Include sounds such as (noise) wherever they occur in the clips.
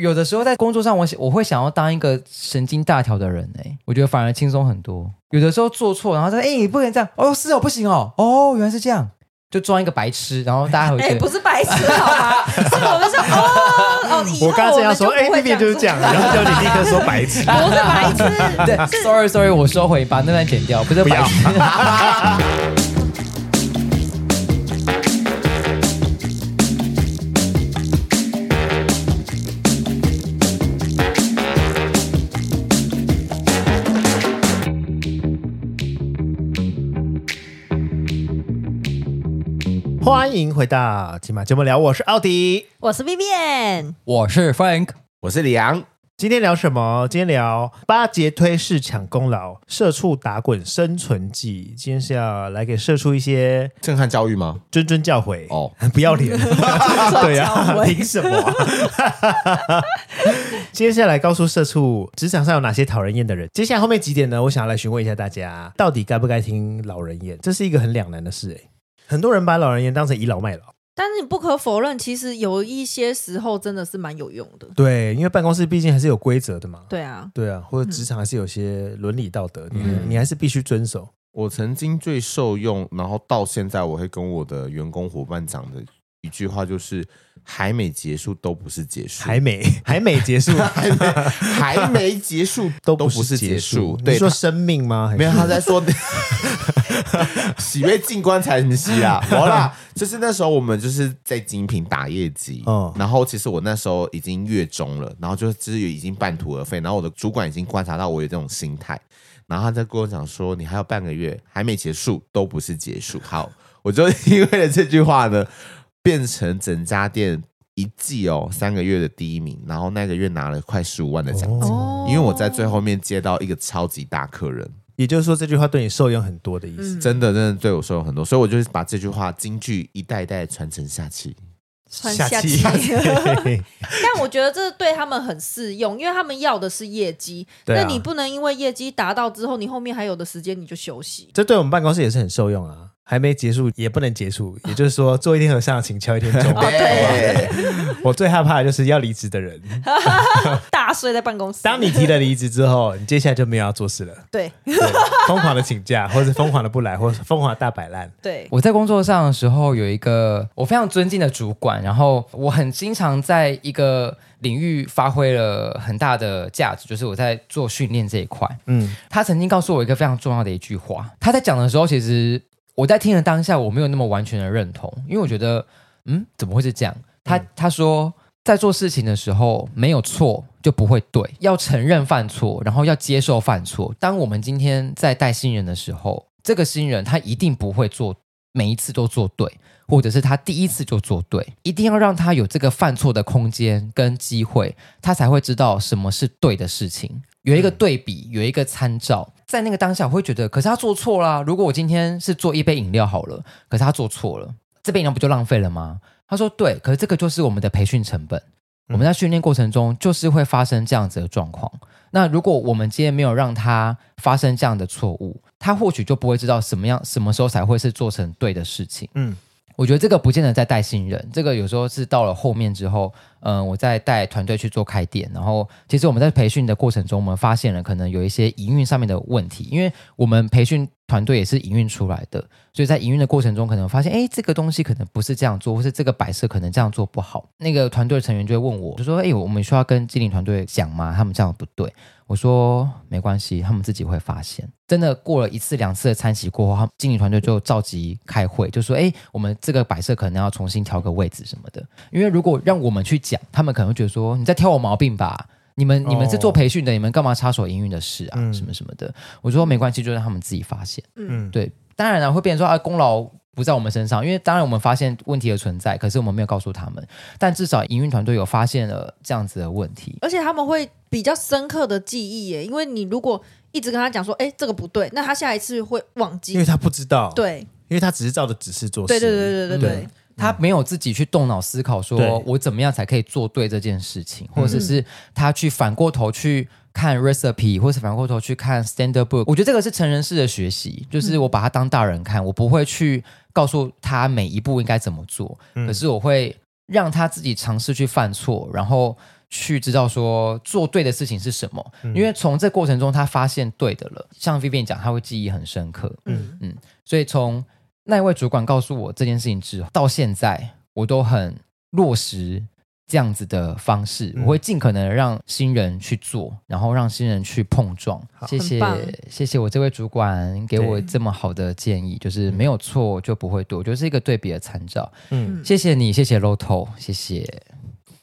有的時候在工作上我，我想我會想要當一個神經大條的人，哎、欸，我覺得反而輕鬆很多。有的時候做錯，然後他說：“哎、欸，你不能這樣。”哦，是哦，不行哦。哦，原來是這樣，就裝一個白痴，然後大家會覺得。哎、欸，不是白痴、啊， (laughs) 是有我，說、哦嗯哦、我們是哦。我剛才要說，哎、欸、那邊就是這樣， (laughs) 然後叫你立刻說白痴。 (laughs) 不是白痴，對，Sorry Sorry，我收回，把那段剪掉，不是白痴不要。 (laughs) (laughs) 歡迎回到今晚節目聊，我是奧迪，我是 Vivian，我是 Frank，我是李陽。今天聊什麼？今天聊八節推事搶功勞，社畜打滾生存記。今天是要來給社畜一些震撼教育嗎？諄諄教誨哦，不要臉， (laughs) (laughs) (laughs) 對呀、啊，憑 (laughs) 什麼？ (laughs) 接下來告訴社畜職場上有哪些討人厭的人？接下來後面幾點呢？我想要來詢問一下大家，到底該不該聽老人言？這是一個很兩難的事、欸很多人把老人言當成倚老賣老，但是你不可否認，其實有一些時候真的是蠻有用的。對，因為辦公室畢竟還是有規則的嘛。對啊，對啊，或者職場還是有些倫理道德的，你、嗯、你還是必須遵守、嗯。我曾經最受用，然後到現在我會跟我的員工夥伴講的一句話就是。還沒結束，都不是結束。還沒，還沒結束，還沒，還沒結束，都不是結束。對，你說生命嗎？沒有，他在說“喜悲盡棺材禪息”啊。好 (laughs) 啦，就是那時候我們就是在精品打業績。嗯、哦。然後其實我那時候已經月中了，然後就其實已經半途而廢。然後我的主管已經觀察到我有這種心態，然後他在跟我講說：“你還有半個月，還沒結束，都不是結束。”好，我就因為了這句話呢。變成整家店一季哦，三個月的第一名，然後那個月拿了快十五萬的獎金、哦，因為我在最後面接到一個超級大客人。也就是說，這句話對你受用很多的意思。嗯、真的，真的對我受用很多，所以我就把這句話金句一代一代傳承下去。傳承下去。下去 (laughs) (laughs) (laughs) 但我覺得這對他們很適用，因為他們要的是業績、對啊。那你不能因為業績達到之後，你後面還有的時間你就休息。這對我們辦公室也是很受用啊。還沒結束，也不能結束，也就是說，做一天和尚，請敲一天鐘。哦。對， (laughs) 我最害怕的就是要離職的人。 (laughs) 大睡在辦公室。當你提了離職之後，你接下來就沒有要做事了。對，瘋狂的請假，或者是瘋狂的不來，或者是瘋狂的大擺爛。對，我在工作上的時候有一個我非常尊敬的主管，然後我很經常在一個領域發揮了很大的價值，就是我在做訓練這一塊。嗯，他曾經告訴我一個非常重要的一句話，他在講的時候其實。我在聽的當下，我沒有那麼完全的認同，因為我覺得，嗯，怎麼會是這樣？他他說，在做事情的時候，沒有錯就不會對，要承認犯錯，然後要接受犯錯。當我們今天在帶新人的時候，這個新人他一定不會做每一次都做對，或者是他第一次就做對，一定要讓他有這個犯錯的空間跟機會，他才會知道什麼是對的事情。有一個對比，有一個參照。在那個當下我會覺得，可是他做錯啦啊。如果我今天是做一杯飲料好了，可是他做錯了，這杯飲料不就浪費了嗎？他說對，可是這個就是我們的培訓成本。我們在訓練過程中就是會發生這樣子的狀況。嗯。那如果我們今天沒有讓他發生這樣的錯誤，他或許就不會知道什麼樣，什麼時候才會是做成對的事情。嗯，我覺得這個不見得在帶新人，這個有時候是到了後面之後。嗯，我在帶團隊去做開店，然後其實我們在培訓的過程中，我們發現了可能有一些營運上面的問題，因為我們培訓團隊也是營運出來的，所以在營運的過程中，可能發現，哎，這個東西可能不是這樣做，或是這個擺設可能這樣做不好。那個團隊的成員就會問我，就說，哎，我我們需要跟經理團隊講嗎？他們這樣不對。我說，沒關係，他們自己會發現。真的過了一次兩次的餐席過後，他們經理團隊就召集開會，就說，哎，我們這個擺設可能要重新調個位置什麼的。因為如果讓我們去，講，他們可能會覺得說，你在挑我毛病吧？你們，oh. 你們是做培訓的，你們幹嘛插手營運的事啊、嗯？什麼什麼的？我就說沒關係，就是、讓他們自己發現。嗯，對，當然了，會變成說，啊，功勞不在我們身上，因為當然我們發現問題的存在，可是我們沒有告訴他們。但至少營運團隊有發現了這樣子的問題，而且他們會比較深刻的記憶耶，因為你如果一直跟他講說，哎、欸，這個不對，那他下一次會忘記，因為他不知道，對，因為他只是照着指示做事。對對對對對對對，對。對嗯、他沒有自己去動腦思考，說我怎麼樣才可以做對這件事情，或者是他去反過頭去看 recipe，、嗯、或者反過頭去看 standard book、嗯。我覺得這個是成人式的學習，就是我把他當大人看，我不會去告訴他每一步應該怎麼做，可是我會讓他自己嘗試去犯錯，然後去知道說做對的事情是什麼。嗯、因為從這過程中，他發現對的了。像 Vivian 講，他會記憶很深刻。嗯嗯，所以從那一位主管告訴我這件事情之後，到現在我都很落實這樣子的方式，嗯。我會盡可能讓新人去做，然後讓新人去碰撞。好，謝謝，謝謝，我這位主管給我這麼好的建議，就是沒有錯就不會對，我覺得是一個對比的參照。嗯，謝謝你，謝謝 Loto，謝謝。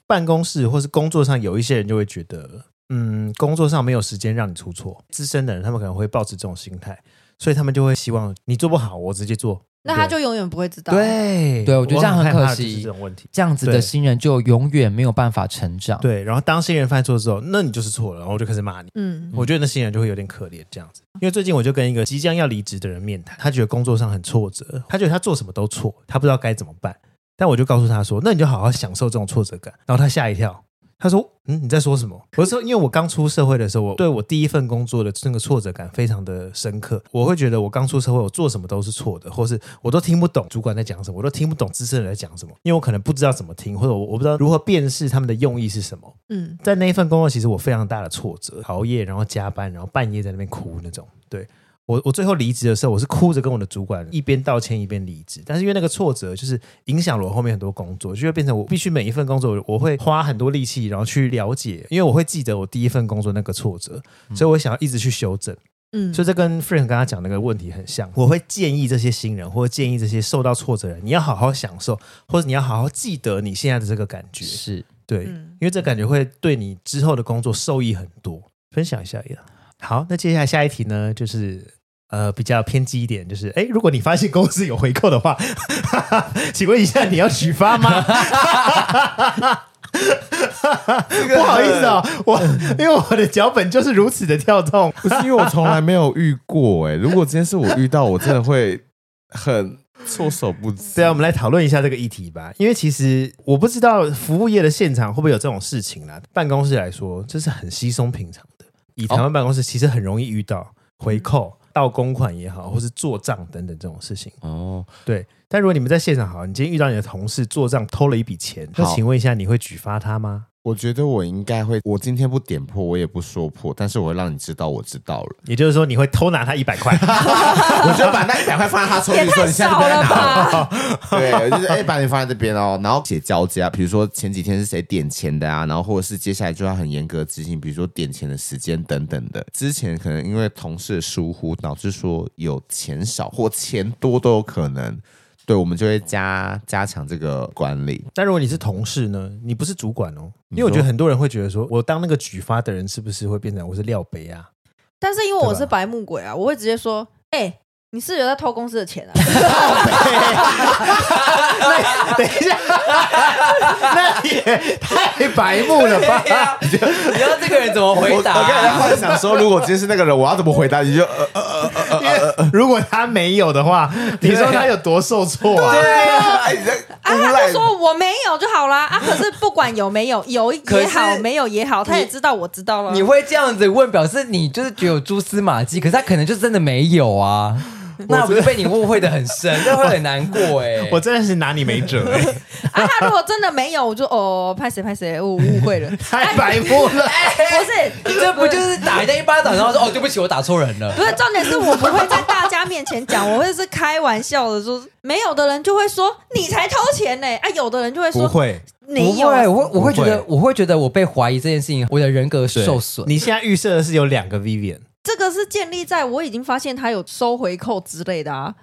辦公室或是工作上有一些人就會覺得，嗯，工作上沒有時間讓你出錯，資深的人他們可能會抱持這種心態，所以他們就會希望你做不好，我直接做。那他就永遠不會知道。對，對，我覺得這樣很可惜。是這種問題，這樣子的新人就永遠沒有辦法成長。對，然後當新人犯錯之後，那你就是錯了，然後我就開始罵你。嗯，我覺得那新人就會有點可憐這樣子。因為最近我就跟一個即將要離職的人面談，他覺得工作上很挫折，他覺得他做什麼都錯，他不知道該怎麼辦。但我就告訴他說：“那你就好好享受這種挫折感。”然後他嚇一跳。他說：“嗯，你在說什麼？”我說：“因為我剛出社會的時候，我對我第一份工作的那個挫折感非常的深刻。我會覺得我剛出社會，我做什麼都是錯的，或是我都聽不懂主管在講什麼，我都聽不懂資深人在講什麼，因為我可能不知道怎麼聽，或者我我不知道如何辨識他們的用意是什麼。”嗯，在那一份工作，其實我非常大的挫折，熬夜，然後加班，然後半夜在那邊哭那種。對。我我最後離職的時候，我是哭着跟我的主管一邊道歉一邊離職。但是因為那個挫折，就是影響了我後面很多工作，就會變成我必須每一份工作我，我會花很多力氣，然後去了解，因為我會記得我第一份工作那個挫折，所以我想要一直去修正。嗯，所以這跟 Frank 剛剛講那個問題很像，嗯。我會建議這些新人，或者建議這些受到挫折的人，你要好好享受，或者你要好好記得你現在的這個感覺，是對、嗯，因為這感覺會對你之後的工作受益很多。分享一下也，一樣好。那接下來下一題呢，就是。呃，比較偏激一點，就是，欸、如果你發現公司有回扣的話， (laughs) 請問一下，你要舉發嗎？ (laughs) (laughs) 不好意思哦，嗯、我因為我的腳本就是如此的跳動，不是因為我從來沒有遇過，欸、 (laughs) 如果今天是我遇到，我真的會很措手不及。對啊，我們來討論一下這個議題吧，因為其實我不知道服務業的現場會不會有這種事情啦。辦公室來說，這，就是很稀鬆平常的，以台灣辦公室其實很容易遇到回扣。盜公款也好，或是做賬等等這種事情哦，對。但如果你們在現場，好，你今天遇到你的同事做賬偷了一筆錢，那請問一下，你會舉發他嗎？我覺得我應該會，我今天不點破，我也不說破，但是我會讓你知道我知道了。也就是說，你會偷拿他一百塊， (laughs) (laughs) 我就把那一百塊放在他抽屜裡，你先別拿。對，我就是可以、欸、把你放在這邊哦，然後寫交接、啊，比如說前幾天是誰點錢的啊，然後或者是接下來就要很嚴格執行，比如說點錢的時間等等的。之前可能因為同事的疏忽，導致說有錢少或錢多都有可能。對，我們就會加加強這個管理。但如果你是同事呢？你不是主管哦，因為我覺得很多人會覺得說，我當那個舉發的人是不是會變成我是料杯啊？但是因為我是白目鬼啊，我會直接說，哎、欸，你是有在偷公司的錢啊！ (laughs) (laughs) (laughs) (laughs) 那等一下， (laughs) 那也太白目了吧？ (laughs) 對啊、 (laughs) 你要這個人怎麼回答、啊 (laughs) 我？我跟他是想說，如果今天是那個人，我要怎麼回答？你就呃呃呃呃。呃呃如果他沒有的話，啊、你說他有多受挫啊？對啊，啊，啊，啊，啊，他就說我沒有就好啦。啊。啊可是不管有沒有，有也好，沒有也好，他也知道我知道了。你會這樣子問，表示你就是覺得有蛛絲馬跡，可是他可能就真的沒有啊。那我得被你誤會的很深，那會很難過哎、欸！我真的是拿你沒轍、欸 (laughs) 啊。他如果真的沒有，我就哦，拍誰拍誰，我誤會了， (laughs) 太白痴了、啊欸。不是，這不，不就是打人家一巴掌，然後說哦，對不起，我打錯人了。不是，重點是我不會在大家面前講，我會是開玩笑的說，說沒有的人就會說你才偷錢呢、欸。哎、啊，有的人就會說會，你有不我會我會覺得會，我會覺得我被懷疑這件事情，我的人格受損。你現在預設的是有兩個 Vivian。這個是建立在我已經發現他有收回扣之類的啊。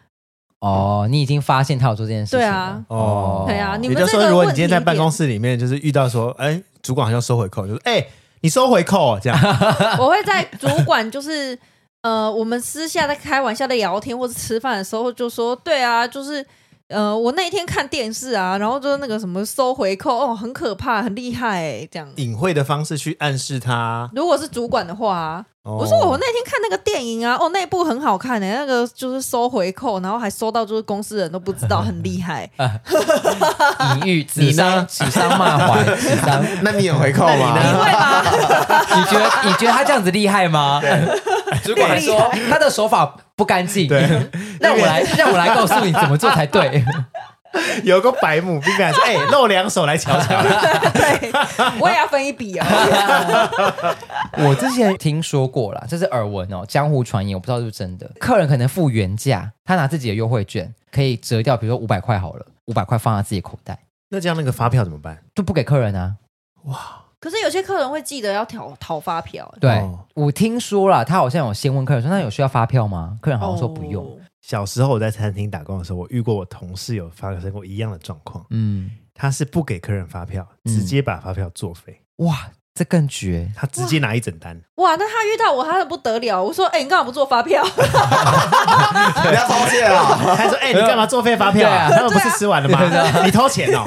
哦，你已經發現他有做這件事情，對啊，哦，對啊，你們就說，如果你今天在辦公室裡面就是遇到說，哎，主管好像收回扣，就是哎，你收回扣，哦、這樣， (laughs) 我會在主管就是呃，我們私下在開玩笑的聊天或是吃飯的時候就說，對啊，就是。呃，我那天看電視啊，然後就是那個什麼收回扣哦，很可怕，很厲害哎，這樣隱晦的方式去暗示他。如果是主管的話，oh. 我說我那天看那個電影啊，哦，那一部很好看哎，那個就是收回扣，然後還收到就是公司人都不知道， (laughs) 很厲害。隱喻指桑指桑罵槐， (laughs) 那你有回扣嗎？你會嗎？ (laughs) 你覺得你覺得他這樣子厲害嗎？ (laughs) 主管說 (laughs) 他的手法。不乾淨，對， (laughs) 那我來，那我來告訴 (laughs) 你怎麼做才對。 (laughs) 有個白目賓館說，哎、欸，露兩手來瞧瞧。 (laughs) (laughs) 對，我也要分一筆啊、哦。 (laughs) (laughs) (laughs) 我之前聽說過啦，這是耳聞哦，江湖傳言，我不知道是不是真的。客人可能付原價，他拿自己的優惠券可以折掉，比如說五百塊好了，五百塊放在自己口袋。那這樣那個發票怎麼辦？都不給客人啊？哇！可是有些客人會記得要討討發票。對、哦、我聽說了，他好像有先問客人說：“那有需要發票嗎？”客人好像說不用。哦、小時候我在餐廳打工的時候，我遇過我同事有發生過一樣的狀況。嗯，他是不給客人發票，直接把發票作廢。嗯、哇！這更絕，他直接拿一整單。哇，哇，那他遇到我，他都不得了。我說，哎、欸，你幹嘛不做發票？不 (laughs) 要偷竊啊、哦！他說，哎、欸，你幹嘛作廢發票？啊？啊」那個不是吃完了嗎？啊、你偷錢哦、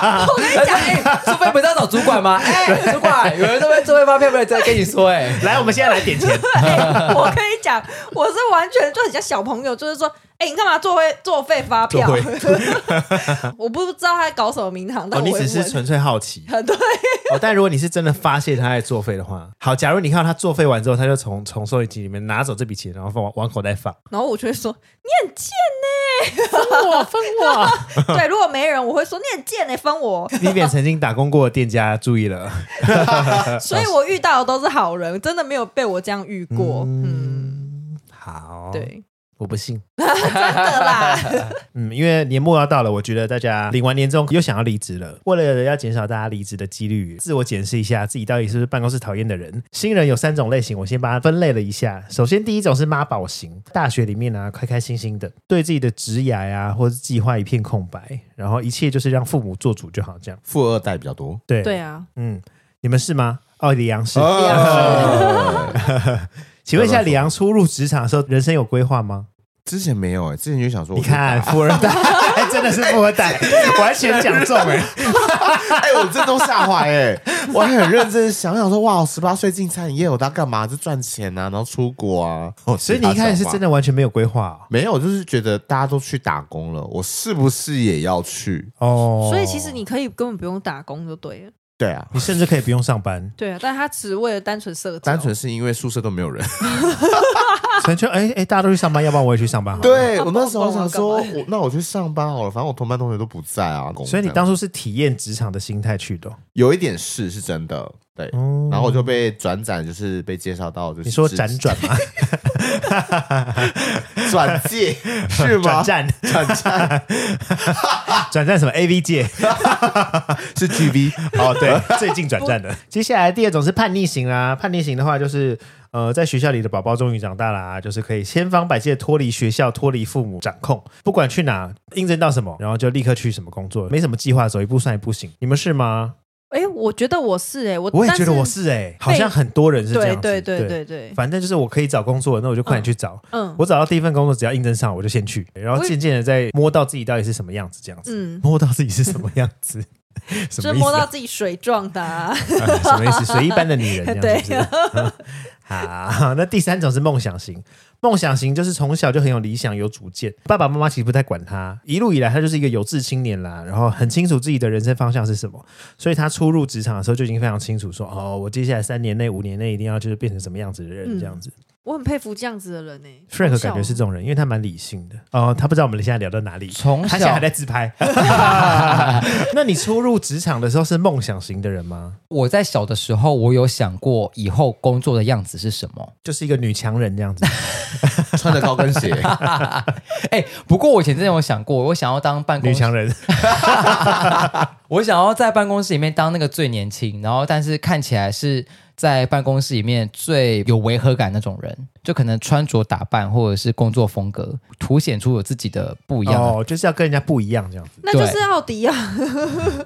啊 (laughs) 我！我跟你講，哎，作、欸、廢不是要找主管嗎？哎、 (laughs) 欸， (laughs) 主管，有人在問作廢發票沒有？ (laughs) 不在跟你說、欸，哎，來，我們現在來點錢。 (laughs) 欸、我可以講，我是完全做人家小朋友，就是說。欸、你幹嘛作廢作廢發票？ (laughs) 我不知道他在搞什麼名堂。但我會會哦，你只是純粹好奇。啊、對、哦。但如果你是真的發現他在作廢的話，好，假如你看到他作廢完之後，他就從從收銀機裡面拿走這筆錢，然後放往口袋放。然後我就會說：“你很賤呢、欸，分我分我。 (laughs) ”對，如果沒人，我會說：“你很賤呢、欸，分我。”你也曾經打工過的店家注意了。 (laughs) 所以我遇到的都是好人，真的沒有被我這樣遇過。嗯，嗯好，對。我不信， (laughs) 真的啦，嗯，因為年末要到了，我覺得大家領完年終又想要離職了。為了要減少大家離職的幾率，自我檢視一下自己到底是不是辦公室討厭的人。新人有三種類型，我先把它分類了一下。首先，第一種是媽寶型，大學裡面啊，開開心心的，對自己的職涯呀或是計劃一片空白，然後一切就是讓父母做主就好，這樣。富二代比較多。對對啊，嗯，你們是嗎？奧迪楊是。哦 (laughs) (laughs) 請問一下，李陽初入職場的時候，人生有規劃嗎？之前沒有、欸、之前就想說，你看富二代，真的是富二代，完全講中、欸。哎、 (laughs) 欸，我正都嚇壞哎，我還很認真想想說，哇，我十八歲進餐飲業，我當幹嘛？就賺錢啊，然後出國啊。喔、所以你一開始，是真的完全沒有規劃、喔，沒有，就是覺得大家都去打工了，我是不是也要去？哦，所以其實你可以根本不用打工就對了。對啊，你甚至可以不用上班。對啊，但是他只為了單純社交，單純是因為宿舍都沒有人。純粹哎哎，大家都去上班，要不然我也去上班好了。好對、啊，我那時候想說，幫我，幫我，我那我去上班好了，反正我同班同學都不在啊。所以你當初是體驗職場的心態去的、哦，有一點事是真的。對，嗯、然後我就被輾轉，就是被介紹到，就是你說輾轉嘛。哈哈哈。轉戰是嗎？轉戰轉戰，轉戰什麼？AV 界 (laughs) (laughs) 是 GV GV  (laughs) 哦，對，最近轉戰的。接下來第二種是叛逆型啦，叛逆型的話就是，呃，在學校裡的寶寶終於長大啦、啊，就是可以千方百計的脫離學校、脫離父母掌控，不管去哪，應徵到什麼，然後就立刻去什麼工作，沒什麼計劃，走一步算一步行，你們是嗎？哎，我覺得我是哎、欸，我也覺得我是哎、欸，好像很多人是這樣子，對對對對，對，反正就是我可以找工作，那我就快點去找嗯。嗯，我找到第一份工作，只要應徵上，我就先去，然後漸漸的在摸到自己到底是什麼樣子，這樣子，嗯、摸到自己是什麼樣子， (laughs) 什麼意思、啊？ (laughs) 摸到自己水狀的、啊 (laughs) 啊，什麼意思？水一般的女人，這樣子 (laughs) 對、啊。是好，那第三種是夢想型。夢想型就是從小就很有理想、有主見，爸爸媽媽其實不太管他。一路以來，他就是一個有志青年啦，然後很清楚自己的人生方向是什麼。所以他初入職場的時候就已經非常清楚說，說哦，我接下來三年內、五年內一定要就是變成什麼樣子的人、嗯、這樣子。我很佩服這樣子的人呢、欸。Frank、啊、感覺是這種人，因為他蠻理性的。哦，他不知道我們現在聊到哪裡。從小，他現在還在自拍。 (laughs) (laughs) (laughs) 那你初入職場的時候是夢想型的人嗎？我在小的時候，我有想過以後工作的樣子是什麼，就是一個女強人這樣子， (laughs) 穿着高跟鞋。哎、 (laughs) 欸，不過我以前真的有想過，我想要當辦公女強人， (laughs) (laughs) 我想要在辦公室裡面當那個最年輕，然後但是看起來是。在辦公室裡面最有違和感那種人，就可能穿着打扮或者是工作風格，凸顯出有自己的不一樣，哦，就是要跟人家不一樣這樣子。那就是奧迪啊！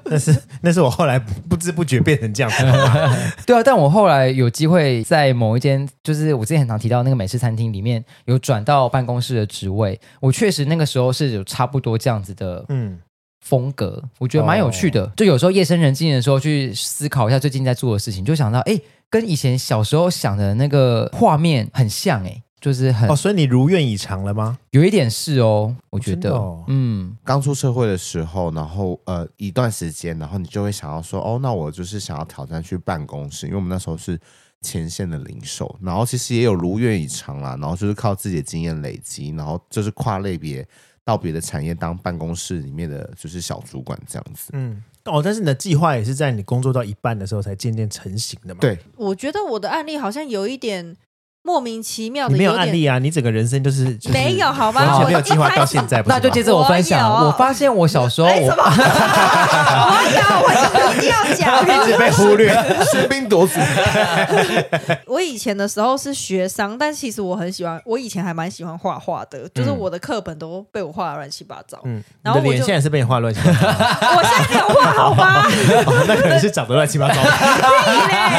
那 (laughs) 是 (laughs) 那是我後來不知不覺變成這樣子。 (laughs) (laughs) 對啊，但我後來有機會在某一間，就是我之前很常提到那個美式餐廳裡面，有轉到辦公室的職位。我確實那個時候是有差不多這樣子的嗯風格嗯，我覺得蠻有趣的，哦。就有時候夜深人靜的時候，去思考一下最近在做的事情，就想到哎。欸跟以前小時候想的那個畫面很像誒、欸，就是很哦，所以你如願以償了嗎？有一點是哦，我覺得，哦哦、嗯，剛出社會的時候，然後呃一段時間，然後你就會想要說，哦，那我就是想要挑戰去辦公室，因為我們那時候是前線的零售，然後其實也有如願以償啦，然後就是靠自己的經驗累積，然後就是跨類別到別的產業當辦公室裡面的，就是小主管這樣子，嗯。哦，但是你的計劃也是在你工作到一半的時候才漸漸成型的嘛？對，我覺得我的案例好像有一點。莫名其妙的有沒有案例啊，你整個人生就是、就是、沒有好吧？沒有計劃到現在，那就接着我分享。我發現我小時候我什麼？我有 (laughs) 我一定要，要講、啊， (laughs) 被忽略，喧 (laughs) 賓奪主。 (laughs) 我以前的時候是學商，但其實我很喜歡，我以前還蠻喜歡畫畫的，就是我的課本都被我畫的亂七八糟。嗯，然後我就臉現在是被你畫亂七八糟， (laughs) 我現在沒有畫好嗎？ (laughs) 那可能是長得亂七八糟。對 (laughs) (laughs)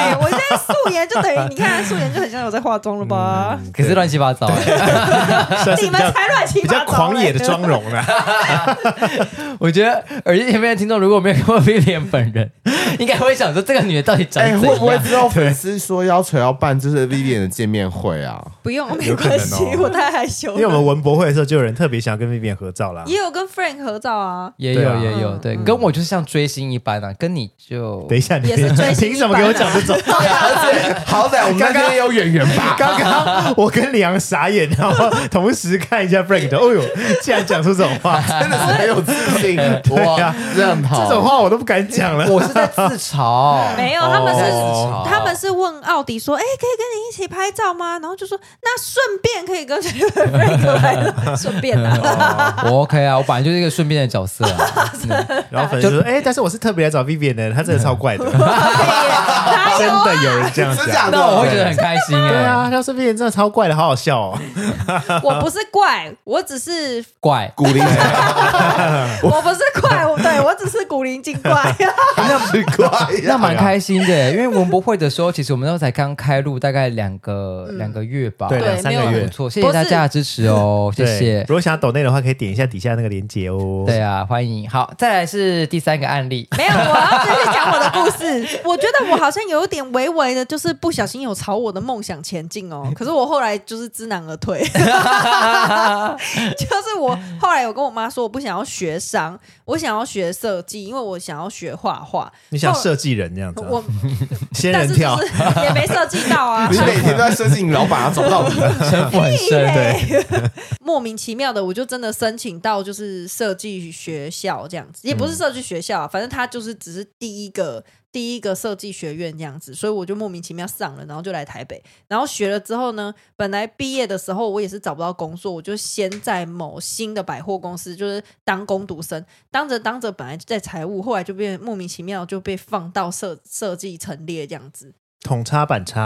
(laughs) 我現在素顏就等於你看素顏就很像我在化妝。吧、嗯，可是亂七八糟你們才亂七八糟。 (laughs) 比，較 (laughs) 比較狂野的妝容呢、啊？ (laughs) 我覺得，耳機前面的聽眾如果沒有看過 Vivian 本人，應該會想說這個女的到底長……會不會知道粉絲說要求要辦就是 Vivian 的見面會啊？不用，哦、沒關係、哦，我太害羞了。因為我們文博會的時候就有人特別想要跟 Vivian 合照啦，也有跟 Frank 合照啊，也有、啊嗯、也有。對、嗯，跟我就是像追星一般啊，跟你就……等一下，你別也是追星、啊、憑什麼給我講這種？ (laughs) (laughs) (laughs) (laughs) 好歹我們剛剛也有演員吧。 (laughs) 剛我跟李陽傻眼，然後同時看一下 Frank，哦、哎、呦，竟然講出這種話，真的是很有自信。對啊，這種話我都不敢講了。我是在自嘲、嗯，沒有，他們是、哦、他們是問奧迪說，哎，可以跟你一起拍照嗎？然後就說，那順便可以跟 Frank 順便、啊哦。我 OK 啊，我本來就是一個順便的角色啊。 (laughs) 然後粉絲說，哎，但是我是特別來找 Vivian 的，他真的超怪的、 (laughs) 哎啊。真的有人這樣講，那我會覺得很開心哎、欸。他是不是人真的超怪的，好好笑哦！ (laughs) 我不是怪，我只是怪古靈。 (laughs) 我不是怪，我對我只是古靈精怪。 (laughs) (laughs) 那怪，那蠻開心的。因為文博會的說，其實我們都才剛開錄，大概兩個兩、嗯、個月吧，對，嗯、對兩三個月。不錯，謝謝大家的支持哦，謝謝。如果想要抖內的話，可以點一下底下那個鏈接哦。對啊，歡迎。好，再來是第三個案例。 (laughs) 沒有，我要繼續講我的故事。我覺得我好像有一點微微的，就是不小心有朝我的夢想前進。可是我後來就是知難而退 (laughs) (laughs) 就是我後來我跟我媽說，我不想要學商，我想要學設計，因為我想要學畫畫。你想設計人這樣子、啊？我 (laughs) 仙人跳，但是就是也沒設計到啊！你 (laughs) 每天都在設計你老闆、啊、 (laughs) 走到底了。很深對 (laughs) 莫名其妙的，我就真的申請到就是設計學校這樣子，也不是設計學校、啊，嗯、反正他就是只是第一個。第一個設計學院這樣子，所以我就莫名其妙上了，然後就來台北，然後學了之後呢，本來畢業的時候我也是找不到工作，我就先在某新的百貨公司就是當工讀生，當着當着本來在財務，後來就變莫名其妙就被放到設設計陳列這樣子，統插板插、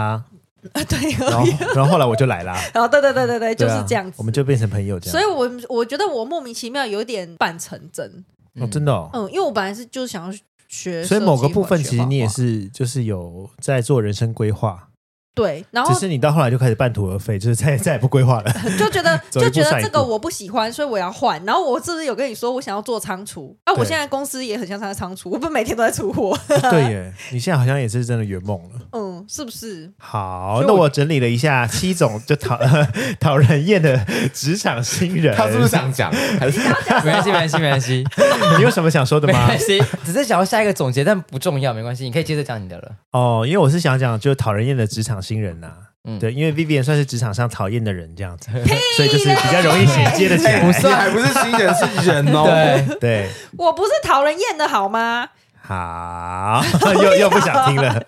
啊，對、啊，然後， (laughs) 然，後然後後來我就來了，然 (laughs) 後對對對對對、嗯，就是這樣子，我們就變成朋友這樣，所以我我覺得我莫名其妙有點半成真，哦、真的、哦嗯，嗯，因為我本來是就是想要。所以某個部分，其實你也是，就是有在做人生規劃。對，然後其實你到後來就開始半途而廢，就是再也再也不規劃了，就覺得就覺得這個我不喜歡，所以我要換。然後我是不是有跟你說我想要做倉儲？啊，我現在公司也很像在倉儲，我不是每天都在出貨。對耶， (laughs) 你現在好像也是真的圓夢了。嗯，是不是？好，那我整理了一下七種就討 (laughs) 討人厭的職場新人。他是不是想講？還是沒關係，沒關係，沒關係。 (laughs) 你有什麼想說的嗎？沒關係。只是想要下一個總結，但不重要，沒關係，你可以接着講你的了。哦，因為我是想講就討人厭的職場。新人吶、啊嗯，對，因為 Vivian 算是職場上討厭的人這樣子，所以就是比較容易銜接得起。不是，還不是新人，是人哦。 (laughs) 對、對、對，我不是討人厭的好嗎？好，又又不想聽了。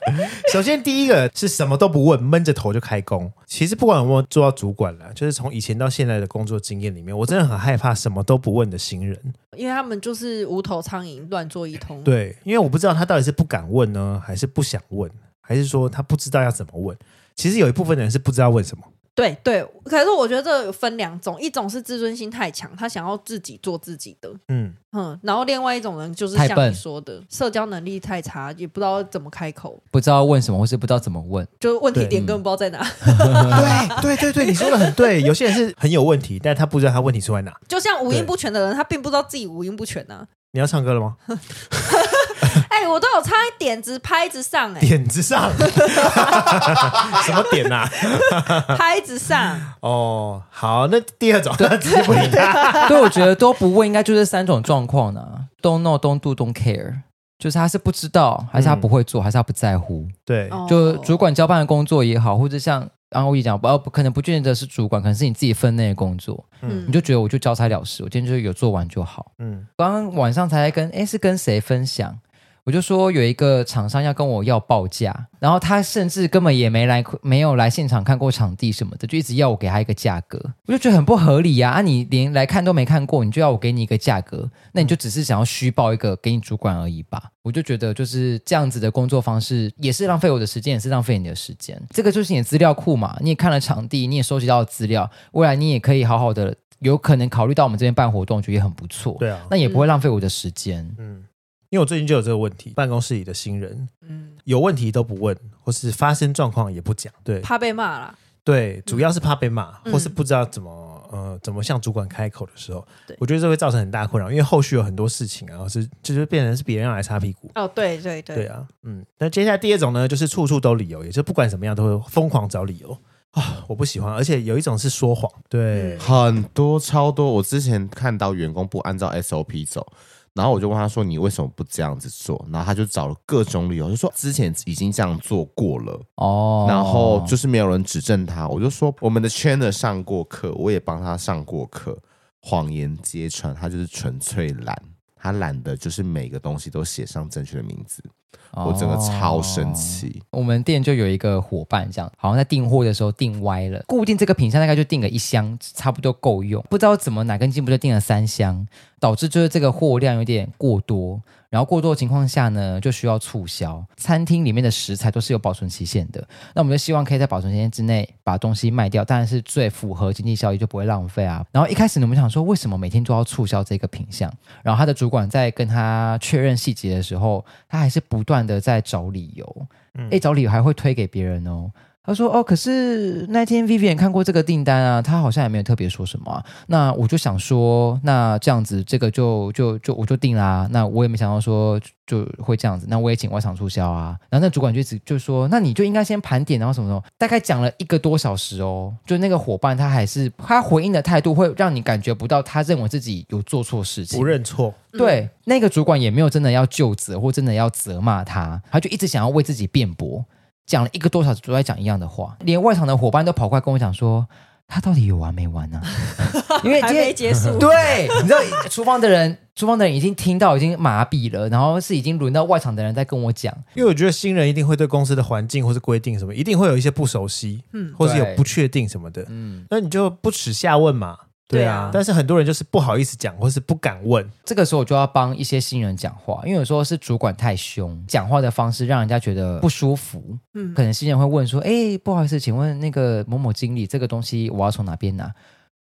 首先第一個是什麼都不問，悶着頭就開工。其實不管有沒有做到主管了，就是從以前到現在的工作經驗裡面，我真的很害怕什麼都不問的新人，因為他們就是無頭蒼蠅亂做一通。對，因為我不知道他到底是不敢問呢，還是不想問。還是說他不知道要怎麼問？其實有一部分的人是不知道問什麼。對對，可是我覺得這分兩種，一種是自尊心太強，他想要自己做自己的。嗯哼、嗯，然後另外一種人就是像你說的，社交能力太差，也不知道怎麼開口，不知道問什麼，或是不知道怎麼問，就問題點根本不知道在哪。對、嗯、 (laughs) 對對對，對，你說的很對。有些人是很有問題， (laughs) 但他不知道他問題出在哪。就像五音不全的人，他並不知道自己五音不全呢、啊。你要唱歌了嗎？ (laughs) 哎、欸，我都有插在點子拍子上、欸，哎，點子上 (laughs) 什麼點啊？拍子上哦，好，那第二種都對，對，我覺得都不問，應該就是三種狀況呢，Don't know，don't do，don't care，就是他是不知道，還是他不會做、嗯，還是他不在乎。對，就主管交辦的工作也好，或者像剛剛、啊、我講，不，可能不見得是主管，可能是你自己分內的工作，嗯，你就覺得我就交差了事，我今天就有做完就好。嗯，剛剛晚上才跟，哎、欸，是跟誰分享？我就說有一個廠商要跟我要報價，然後他甚至根本也沒來，沒有來現場看過場地什麼的，就一直要我給他一個價格。我就覺得很不合理呀，啊，啊，你連來看都沒看過，你就要我給你一個價格，那你就只是想要虛報一個給你主管而已吧。嗯。我就覺得就是這樣子的工作方式也是浪費我的時間，也是浪費你的時間。這個就是你的資料庫嘛，你也看了場地，你也收集到了資料，未來你也可以好好的，有可能考慮到我們這邊辦活動，就也很不錯。對啊，那也不會浪費我的時間。嗯。因為我最近就有這個問題，辦公室裡的新人，嗯、有問題都不問，或是發生狀況也不講，對，怕被罵啦，對，主要是怕被罵，嗯，或是不知道怎麼，呃，怎麼向主管開口的時候，嗯，我覺得這會造成很大困擾，因為後續有很多事情啊，是就是變成是別人要來擦屁股，哦，對對對，對啊，嗯，那接下來第二種呢，就是處處都理由，也就是不管怎麼樣都會瘋狂找理由啊，我不喜歡，而且有一種是說謊，對，嗯，很多超多，我之前看到員工不按照 SOP 走。然後我就問他說：“你為什麼不這樣子做？”然後他就找了各種理由，我就說之前已經這樣做過了。Oh. 然後就是沒有人指正他。我就說我們的 channel 上過課，我也幫他上過課。謊言揭穿，他就是純粹懶，他懶得就是每個東西都寫上正確的名字。我真的超神奇。哦，我們店就有一個夥伴，這樣好像在訂貨的時候訂歪了，固定這個品項大概就訂了一箱，差不多夠用。不知道怎麼哪根筋，不就訂了三箱，導致就是這個貨量有點過多。然後過多的情況下呢，就需要促銷。餐廳裡面的食材都是有保存期限的，那我們就希望可以在保存期限之內把東西賣掉，當然是最符合經濟效益，就不會浪費啊。然後一開始呢，我們想說，為什麼每天都要促銷這個品項？然後他的主管在跟他確認細節的時候，他還是不。不斷的在找理由，誒、欸，找理由還會推給別人哦。他說：“哦，可是那天 Vivian 看過這個訂單啊，他好像也沒有特別說什麼啊。那我就想說，那這樣子，這個就就就我就訂啦啊。那我也沒想到說就，就會這樣子。那我也請外場促銷啊。然後那主管就只就說，那你就應該先盤點，然後什麼什麼。大概講了一個多小時哦。就那個夥伴，他還是他回應的態度會讓你感覺不到他認為自己有做錯事情，不認錯。對，那個主管也沒有真的要究責或真的要責罵他，他就一直想要為自己辯駁。”.講了一個多小時都在講一樣的話，連外場的夥伴都跑過來跟我講說：“他到底有完、啊、沒完呢、啊？” (laughs) 因為今天還沒結束， (laughs) 對，你知道廚房的人，廚房的人已經聽到，已經麻痹了，然後是已經輪到外場的人在跟我講。因為我覺得新人一定會對公司的環境或是規定什麼，一定會有一些不熟悉，嗯，或是有不確定什麼的，嗯，那你就不恥下問嘛。對啊，但是很多人就是不好意思講，或是不敢問。這個時候我就要幫一些新人講話，因為有時候是主管太兇，講話的方式讓人家覺得不舒服。嗯，可能新人會問說：“哎，不好意思，請問那個某某經理，這個東西我要從哪邊拿？”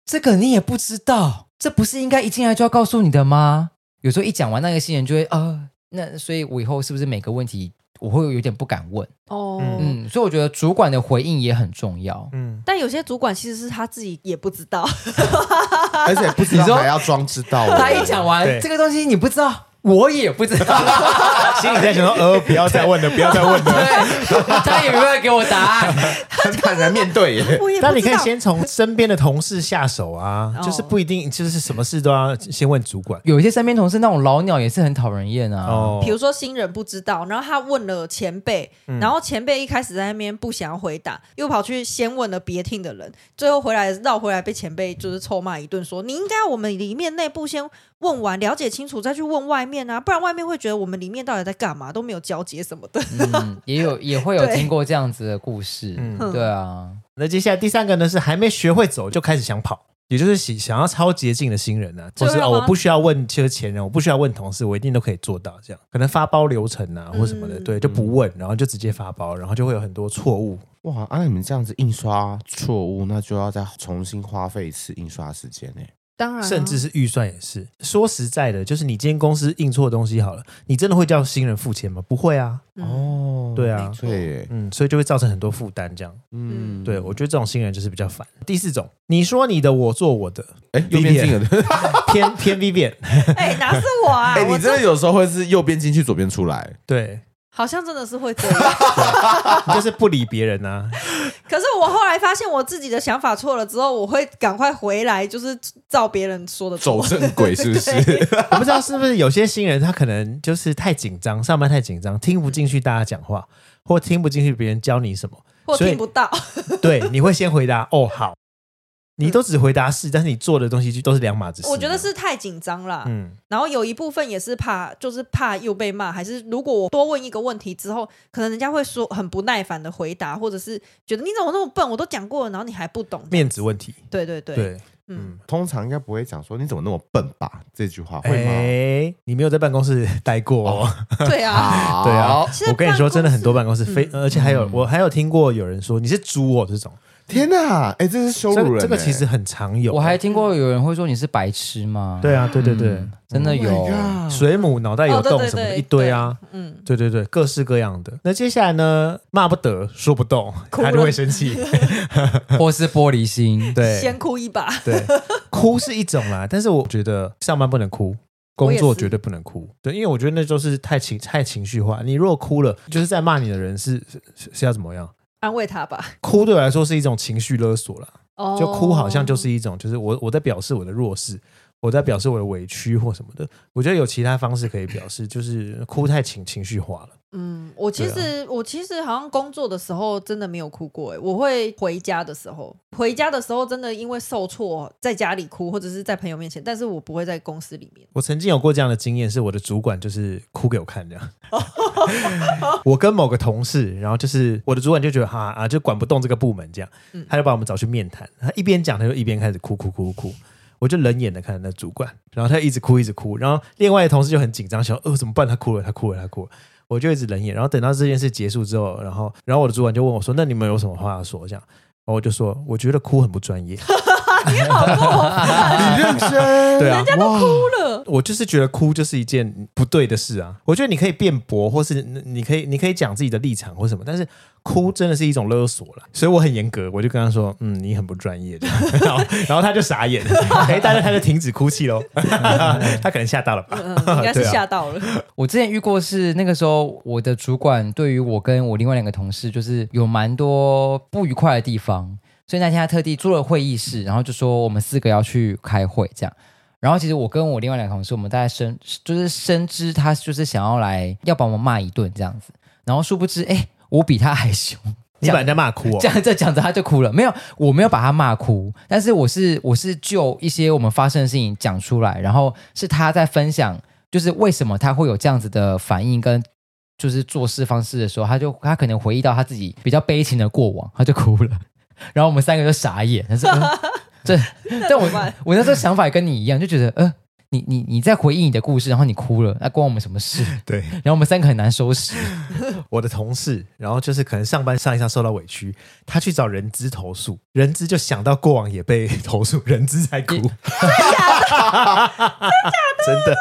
這個你也不知道，這不是應該一進來就要告訴你的嗎？有時候一講完，那個新人就會啊、呃，那所以，我以後是不是每個問題？我會有點不敢問，哦。嗯，所以我覺得主管的回應也很重要，嗯，但有些主管其實是他自己也不知道， (laughs) (laughs) 而且不知道，還要裝知道， (laughs) 他一講完這個東西你不知道，我也不知道， (laughs) 心裡在想說呃，不要再問了，不要再問了。對 (laughs) 對 (laughs) 他也不會給我答案，他就是、他很坦然面對耶。但你可以先從身邊的同事下手啊，oh, 就是不一定就是什麼事都要先問主管。有一些身邊同事那種老鳥也是很討人厭啊，比、oh, 如說新人不知道，然後他問了前輩，然後前輩一開始在那邊不想要回答，嗯，又跑去先問了別 team 的人，最後回來繞回來被前輩就是臭罵一頓，說你應該我們裡面內部先問完，了解清楚再去問外面啊，不然外面會覺得我們裡面到底在幹嘛，都沒有交接什麼的。嗯、也有也。 (laughs) 會有經過這樣子的故事，嗯，對啊。那接下來第三個呢，是還沒學會走就開始想跑，也就是想想要超捷徑的新人呢、啊，就是哦，我不需要問車前人，其實前任我不需要問同事，我一定都可以做到這樣。可能發包流程啊、嗯、或什麼的，對，就不問、嗯，然後就直接發包，然後就會有很多錯誤。哇，啊，那你們這樣子印刷錯誤，那就要再重新花費一次印刷時間呢、欸。當然、啊，甚至是預算也是。說實在的，就是你今天公司印錯東西好了，你真的會叫新人付錢嗎？不會啊。哦、嗯，對啊對，嗯，所以就會造成很多負擔這樣。嗯，對，我覺得這種新人就是比較煩。第四種，你說你的，我做我的。哎、欸，VVN, 右邊進了，偏偏右邊。哎、 (laughs) 欸，哪是我啊？哎、 (laughs) 欸，你真的有時候會是右邊進去，左邊出來。對。好像真的是會這樣， (laughs) 就是不理別人吶、啊。 (laughs) 可是我後來發現我自己的想法錯了之後，我會趕快回來，就是照別人說的。走正軌是不是？ (laughs) 我不知道是不是有些新人他可能就是太緊張，上班太緊張，聽不進去大家講話，或聽不進去別人教你什麼，或聽不到。對，你會先回答哦，好。你都只回答是、嗯，但是你做的東西就都是兩碼子事。我覺得是太緊張了，嗯，然後有一部分也是怕，就是怕又被罵，還是如果我多問一個問題之後，可能人家會說很不耐煩的回答，或者是覺得你怎麼那麼笨？我都講過了，然後你還不懂，面子問題。對對對，對，嗯，通常應該不會講說你怎麼那麼笨吧這句話，會嗎、欸？你沒有在辦公室待過、哦哦 (laughs) 對啊？對啊，對啊，我跟你說，真的很多辦公室、嗯、非，而且還有、嗯、我還有聽過有人說你是豬哦這種。天吶，哎、欸，這是羞辱人、欸這。這個其實很常有、欸，我還聽過有人會說你是白痴嗎？對啊，對對對，嗯、真的有，oh、水母腦袋有洞什麼的、oh, 對對對一堆啊，嗯，對對對，各式各樣的。那接下來呢？罵不得，說不動，他就會生氣， (laughs) (laughs) 或是玻璃心。 (laughs) 對，先哭一把 (laughs) 對，哭是一種啦。但是我覺得上班不能哭，工作絕對不能哭。對，因為我覺得那就是太情太情緒化。你如果哭了，就是在罵你的人是是,是要怎麼樣？安慰他吧，哭對我來說是一種情緒勒索啦。哦，就哭好像就是一種，就是我我在表示我的弱勢。我在表示我的委屈或什麼的，我覺得有其他方式可以表示，就是哭太情情緒化了。嗯，我其實、啊、我其實好像工作的時候真的沒有哭過、欸，誒，我會回家的時候，回家的時候真的因為受挫在家裡哭，或者是在朋友面前，但是我不會在公司裡面。我曾經有過這樣的經驗，是我的主管就是哭給我看這樣。 (laughs) (laughs) 我跟某個同事，然後就是我的主管就覺得哈啊，啊，就管不動這個部門這樣，嗯、他就把我們找去面談，他一邊講，他就一邊開始哭哭哭哭。哭哭我就冷眼的看那主管，然後他一直哭，一直哭，然後另外一同事就很緊張，想，呃、哦，怎麼辦？他哭了，他哭了，他哭了，我就一直冷眼，然後等到這件事結束之後，然後，然後我的主管就問我說，那你們有什麼話要說？這樣然後我就說，我覺得哭很不專業。 (laughs) 你好多我 (laughs) 你認真真笑，對啊，人家都哭了。我就是覺得哭就是一件不對的事啊。我覺得你可以辯駁，或是你可以你可以講自己的立場或什麼，但是哭真的是一種勒索了。所以我很嚴格，我就跟他說：“嗯，你很不專業的。”然後他就傻眼，哎，但是他就停止哭泣嘍。他可能嚇到了吧？應該是嚇到了。我之前遇過是那個時候，我的主管對於我跟我另外兩個同事，就是有蠻多不愉快的地方。所以那天他特地租了會議室，然後就說我們四個要去開會這樣。然後其實我跟我另外兩個同事，我們大家深就是深知他就是想要來要把我們罵一頓這樣子。然後殊不知，哎，我比他還凶。你把人家罵哭哦，講着講着他就哭了。沒有，我沒有把他罵哭，但是我是我是就一些我們發生的事情講出來，然後是他在分享，就是為什麼他會有這樣子的反應跟就是做事方式的時候，他就他可能回憶到他自己比較悲情的過往，他就哭了。然後我們三個就傻眼，他說：“這、呃，但我我那時候想法也跟你一樣，就覺得，呃，你你你在回憶你的故事，然後你哭了，那、啊、關我們什麼事？對，然後我們三個很難收拾。 (laughs) 我的同事，然後就是可能上班上一上受到委屈，他去找人資投訴，人資就想到過往也被投訴，人資才哭。 (laughs) (laughs) 真的？ (laughs) 真的？真的？真的？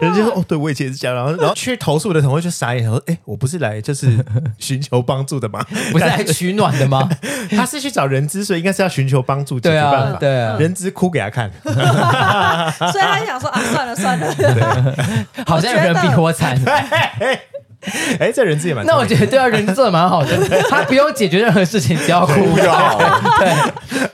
人家說哦，對，我以前也是這樣，然後然後去投訴的同事就傻眼，他哎、欸，我不是來就是尋求幫助的嗎？ (laughs) 不是來取暖的嗎？是 (laughs) 他是去找人資，所以應該是要尋求幫助、啊，解決辦法。對啊，對啊，人資哭給他看， (laughs) (laughs) 所以他想說啊，算了算了， (laughs) 好像有人比慘我慘。對，嘿哎，這人設也蠻的……那我覺得對啊，人設蠻好的， (laughs) 他不用解決任何事情，不 (laughs) 要哭就 (laughs) 對， (laughs)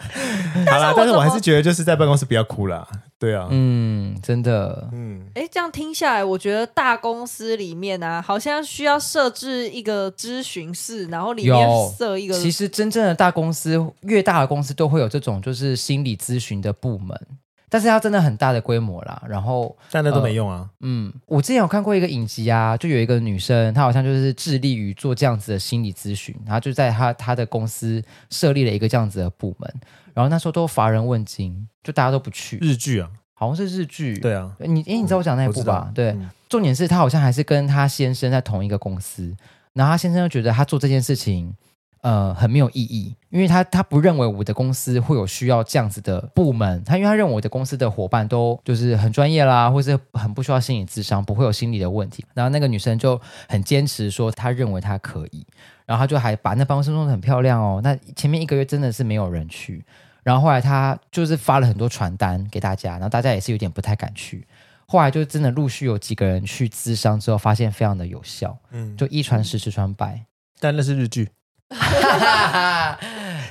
對。好了，但是我還是覺得就是在辦公室不要哭啦。對啊，嗯，真的，嗯，哎、欸，這樣聽下來，我覺得大公司裡面啊，好像需要設置一個諮詢室，然後裡面設一個。其實真正的大公司，越大的公司都會有這種就是心理諮詢的部門。但是他真的很大的規模啦，然後但那都沒用啊、呃。嗯，我之前有看過一個影集啊，就有一個女生，她好像就是致力於做這樣子的心理諮詢，然後就在她她的公司設立了一個這樣子的部門，然後那時候都乏人問津，就大家都不去。日劇啊，好像是日劇。對啊，你哎、欸，你知道我講哪一部吧？嗯、對、嗯，重點是她好像還是跟她先生在同一個公司，然後她先生又覺得她做這件事情。呃，很沒有意義，因為他他不認為我的公司會有需要這樣子的部門，他因為他認為我的公司的伙伴都就是很專業啦，或是很不需要心理諮商，不會有心理的問題。然後那個女生就很堅持說，他認為她可以，然後他就還把那辦公室弄得很漂亮哦。那前面一個月真的是沒有人去，然後後來他就是發了很多傳單給大家，然後大家也是有點不太敢去。後來就真的陸續有幾個人去諮商之後，發現非常的有效，嗯，就一傳十，十傳百。但那是日劇。哈哈哈！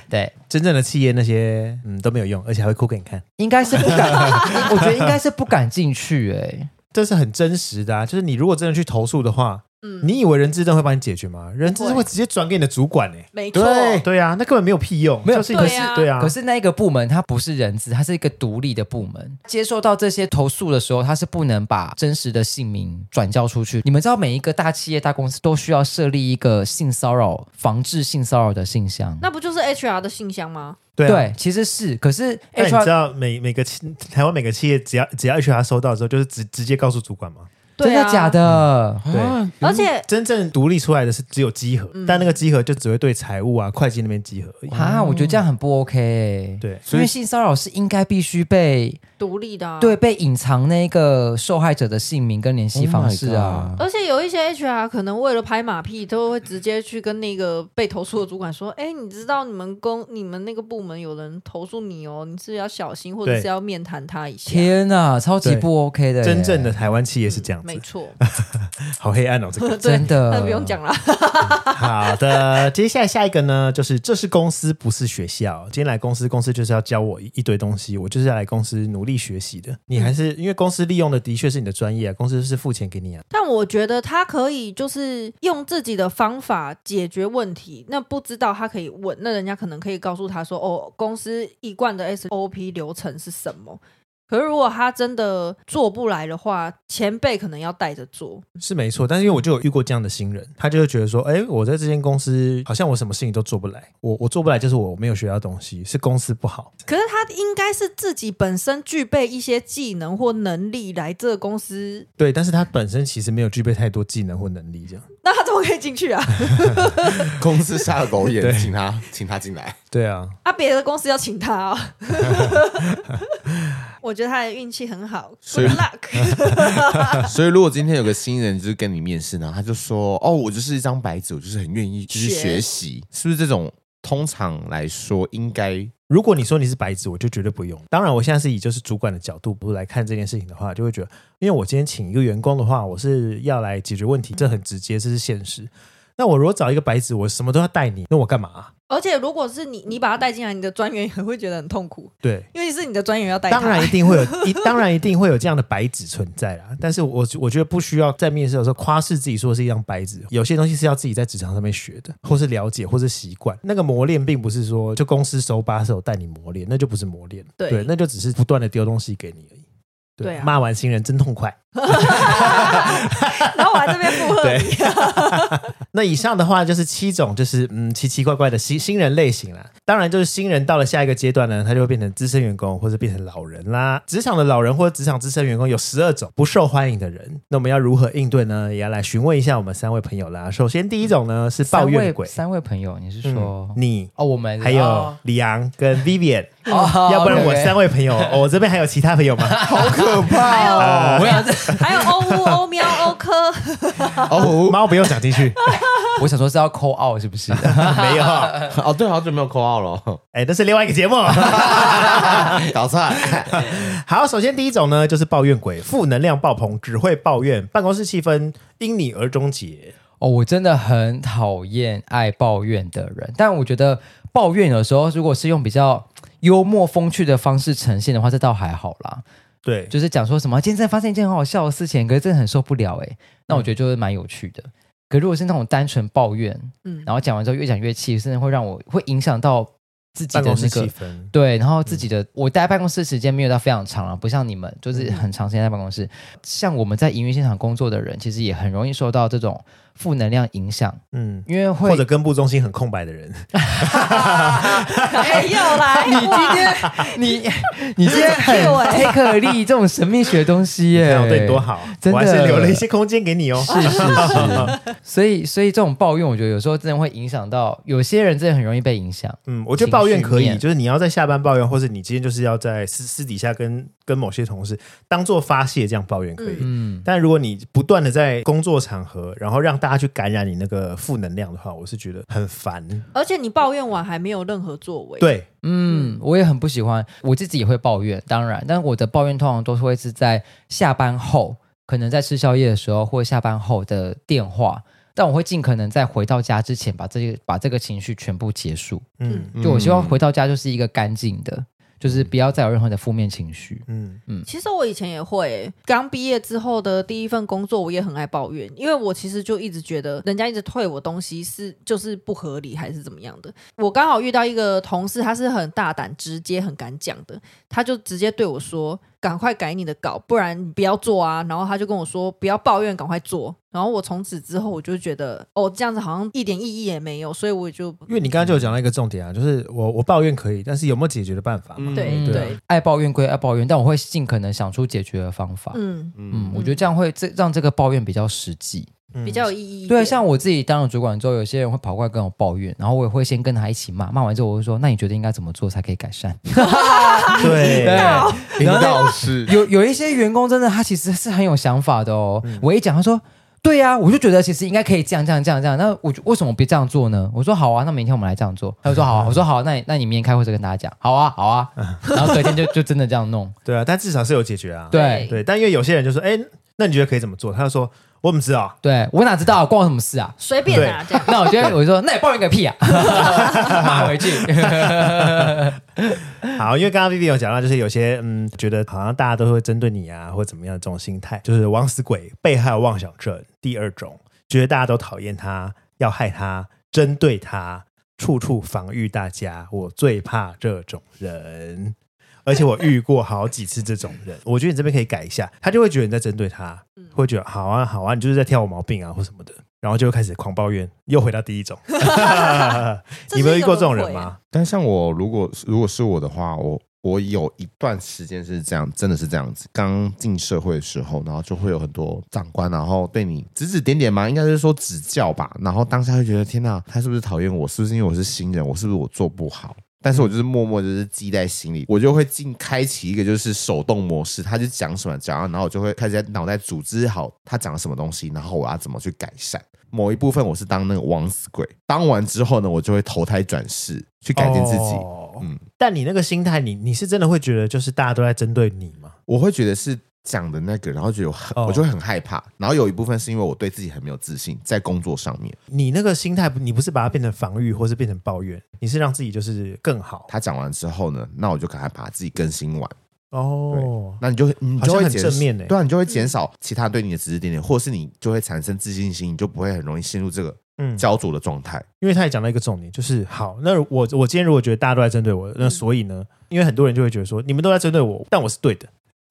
對，真正的企業那些，嗯，都沒有用，而且還會哭給你看，應該是不敢。 (laughs) 我覺得應該是不敢進去、欸，哎，這是很真實的啊。就是你如果真的去投訴的話。你以為人資會幫你解決嗎？人資是會直接轉給你的主管哎、欸，沒錯，對啊，那根本沒有屁用，沒有事，一、就是對啊、對啊。可是那一個部門它不是人資，它是一個獨立的部門，接受到這些投訴的時候，它是不能把真實的姓名轉交出去。你們知道每一個大企業、大公司都需要設立一個性騷擾防治性騷擾的信箱，那不就是 HR 的信箱嗎？對、啊對，其實是。可是 HR 你知道每每個台灣每個企業只要只要 HR 收到之後，就是直直接告訴主管嗎？啊、真的假的？嗯嗯、對，而且真正獨立出來的是只有稽核，嗯、但那個稽核就只會對財務啊、嗯、會計那邊稽核而已啊、嗯。我覺得這樣很不 OK。對，因為性騷擾是應該必須被獨立的、啊，對，被隱藏那個受害者的姓名跟聯繫方式啊、oh。而且有一些 HR 可能為了拍馬屁，都會直接去跟那個被投訴的主管說：“哎、 (laughs) 欸，你知道你們公你們那個部門有人投訴你哦，你是，是要小心，或者是要面談他一下。”天吶、啊，超級不 OK 的。真正的台灣企業是這樣的。嗯沒錯， (laughs) 好黑暗哦，這個、 (laughs) 真的不用講了。 (laughs) 好的，接下來下一個呢，就是這是公司，不是學校。今天來公司，公司就是要教我一堆東西，我就是要來公司努力學習的。你還是、嗯、因為公司利用的的確是你的專業，公司是付錢給你啊。但我覺得他可以就是用自己的方法解決問題。那不知道他可以問，那人家可能可以告訴他說，哦，公司一貫的 SOP 流程是什麼？可是如果他真的做不來的話，前輩可能要帶着做是沒錯。但是因為我就有遇過這樣的新人，他就會覺得說：“哎、欸，我在這間公司好像我什麼事情都做不來，我我做不來就是我沒有學到的東西，是公司不好。”可是他應該是自己本身具備一些技能或能力來這個公司。對，但是他本身其實沒有具備太多技能或能力，這樣那他怎麼可以進去啊？ (laughs) 公司瞎了狗眼，請他請他進來。對啊，啊，別的公司要請他啊、哦。 (laughs) 我覺得他的運氣很好，所以、Good luck。 (laughs) 所以如果今天有個新人就是跟你面試呢，然後他就說：“哦，我就是一張白紙，我就是很願意去學習學，是不是這種？通常來說，應該如果你說你是白紙，我就絕對不用。當然，我現在是以就是主管的角度不是來看這件事情的話，就會覺得，因為我今天請一個員工的話，我是要來解決問題，這很直接，這是現實。那我如果找一個白紙，我什麼都要帶你，那我幹嘛啊？”而且，如果是你，你把他帶進來，你的專員也會覺得很痛苦。對，因為是你的專員要帶。當然一定會有， (laughs) 一當然一定會有這樣的白紙存在啦，但是我，我我覺得不需要在面試的時候誇飾自己說是一張白紙。有些東西是要自己在職場上面學的，或是了解，或是習慣。那個磨練並不是說就公司手把手帶你磨練，那就不是磨練。對，對，那就只是不斷的丟東西給你而已。對，罵完，新人真痛快。 (laughs) (laughs) 然後我還這邊附和你。 (laughs) 那以上的話就是七種，就是嗯，奇奇怪怪的新新人類型啦。當然，就是新人到了下一個階段呢，他就會變成資深員工或者變成老人啦。職場的老人或者職場資深員工有十二種不受歡迎的人。那我們要如何應對呢？也要來詢問一下我們三位朋友啦。首先，第一種呢是抱怨鬼。三位、三位朋友，你是說、嗯、你哦？我們還有李昂、哦、跟 Vivian、哦。要不然我三位朋友，我、哦 okay 哦、這邊還有其他朋友嗎？ (laughs) 好可怕哦！ (laughs) 有哦 (laughs) (laughs) 我要這。還有歐烏歐喵歐科，哦，歐貓不用講，繼續。我想說是要扣二是不是？ (laughs) 沒有哦，哦，對，好久沒有扣二了。哎，那是另外一個節目， (laughs) 搞錯了。好，首先第一種呢，就是抱怨鬼，負能量爆棚，只會抱怨，辦公室氣氛因你而終結。哦，我真的很討厭愛抱怨的人，但我覺得抱怨有時候如果是用比較幽默風趣的方式呈現的話，這倒還好啦。對，就是講說什麼，今天真的發生一件很好，好笑的事情，可是真的很受不了哎、欸。那我覺得就是蠻有趣的。嗯、可如果是那種單純抱怨，嗯，然後講完之後越講越氣，甚至會讓我會影響到自己的那個氣氛。對，然後自己的、嗯、我待辦公室的時間沒有到非常長、啊、不像你們，就是很長時間在辦公室、嗯。像我們在營運現場工作的人，其實也很容易受到這種。負能量影響，嗯，因為會或者根部中心很空白的人，又 (laughs) 要來 (laughs) 你你你，你今天你你今天給我黑巧克力這種神秘學東西耶、欸，你對你多好，真的，我還是留了一些空間給你哦、喔，是是是， (laughs) 所以所以這種抱怨，我覺得有時候真的會影響到有些人，真的很容易被影響。嗯，我覺得抱怨可以，就是你要在下班抱怨，或者你今天就是要在私私底下跟跟某些同事當做發洩這樣抱怨可以，嗯，但如果你不斷的在工作場合，然後讓大大家去感染你那個負能量的話，我是覺得很煩。而且你抱怨完還沒有任何作為。對，嗯，我也很不喜歡，我自己也會抱怨。當然，但我的抱怨通常都會是在下班後，可能在吃宵夜的時候，或下班後的電話。但我會盡可能在回到家之前把這些、個、把這個情緒全部結束。嗯，就我希望回到家就是一個乾淨的。嗯嗯就是不要再有任何的負面情緒。嗯。嗯嗯，其實我以前也會欸，剛畢業之後的第一份工作，我也很愛抱怨，因為我其實就一直覺得人家一直退我東西是就是不合理還是怎麼樣的。我剛好遇到一個同事，他是很大膽、直接、很敢講的，他就直接對我說。趕快改你的稿，不然你不要做啊！然後他就跟我說，不要抱怨，趕快做。然後我從此之後，我就覺得，哦，這樣子好像一點意義也沒有，所以我就……因為你剛剛就有講到一個重點啊，就是我我抱怨可以，但是有沒有解決的辦法嘛？嗯、對、對啊、嗯、對，愛抱怨歸愛抱怨，但我會盡可能想出解決的方法。嗯嗯，我覺得這樣會這讓這個抱怨比較實際。比較有意義、嗯。對、啊，像我自己當了主管之後，有些人會跑過來跟我抱怨，然後我也會先跟他一起罵，罵完之後，我會說：“那你覺得應該怎麼做才可以改善？” (laughs) 對，導，領是 (laughs) 有有一些員工真的他其實是很有想法的哦。嗯、我一講，他說：“對呀、啊，我就覺得其實應該可以這樣這樣這樣這樣。這樣這樣”那我，我為什麼不這樣做呢？我說：“好啊，那明天我們來這樣做。嗯”他就說：“好。”啊，我說：“好，那你那你明天開會時跟大家講，好啊，好啊。嗯”然後隔天就就真的這樣弄。對啊，但至少是有解決啊。對對，但因為有些人就說：“哎、欸，那你覺得可以怎麼做？”他就說。我怎麼知道、哦？對，我哪知道？關我什麼事啊？隨便吶、啊，那我覺得，我就說 (laughs) 那也抱怨個屁啊！罵 (laughs) 回去。 (laughs) 好，因為剛剛弟弟有講到，就是有些嗯，覺得好像大家都會針對你啊，或怎麼樣的這種心態，就是枉死鬼被害妄想症。第二種，覺得大家都討厭他，要害他，針對他，處處防禦大家。我最怕這種人。而且我遇過好幾次這種人， (laughs) 我覺得你這邊可以改一下，他就會覺得你在針對他，嗯、會覺得好啊好啊，你就是在挑我毛病啊或什麼的，然後就會開始狂抱怨，又回到第一種。 (laughs) (laughs) 一種你沒有遇過這種人嗎？但像我，如果如果是我的話，我我有一段時間是這樣，真的是這樣子。剛進社會的時候，然後就會有很多長官，然後對你指指點點嘛，應該就是說指教吧。然後當下就覺得天哪，他是不是討厭我？是不是因為我是新人？我是不是我做不好？但是我就是默默就是記在心裡，我就會進開啟一個就是手動模式，他就講什麼講，然後我就會開始在腦袋組織好他講什麼東西，然後我要怎麼去改善某一部分。我是當那個枉死鬼，當完之後呢，我就會投胎轉世去改變自己、哦。嗯，但你那個心態，你你是真的會覺得就是大家都在針對你嗎？我會覺得是。講的那個，然後就很，oh. 我就會很害怕。然後有一部分是因為我對自己很沒有自信，在工作上面。你那個心態，你不是把它變成防禦，或是變成抱怨，你是讓自己就是更好。他講完之後呢，那我就趕快把自己更新完。哦、oh.，那你就會，你，你就會很正面的，對、啊，你就會減少其他對你的指指點點，或是你就會產生自信心，你就不會很容易陷入這個嗯焦灼的狀態、嗯。因為他也講到一個重點，就是好，那我我今天如果覺得大家都在針對我，那所以呢、嗯，因為很多人就會覺得說，你們都在針對我，但我是對的。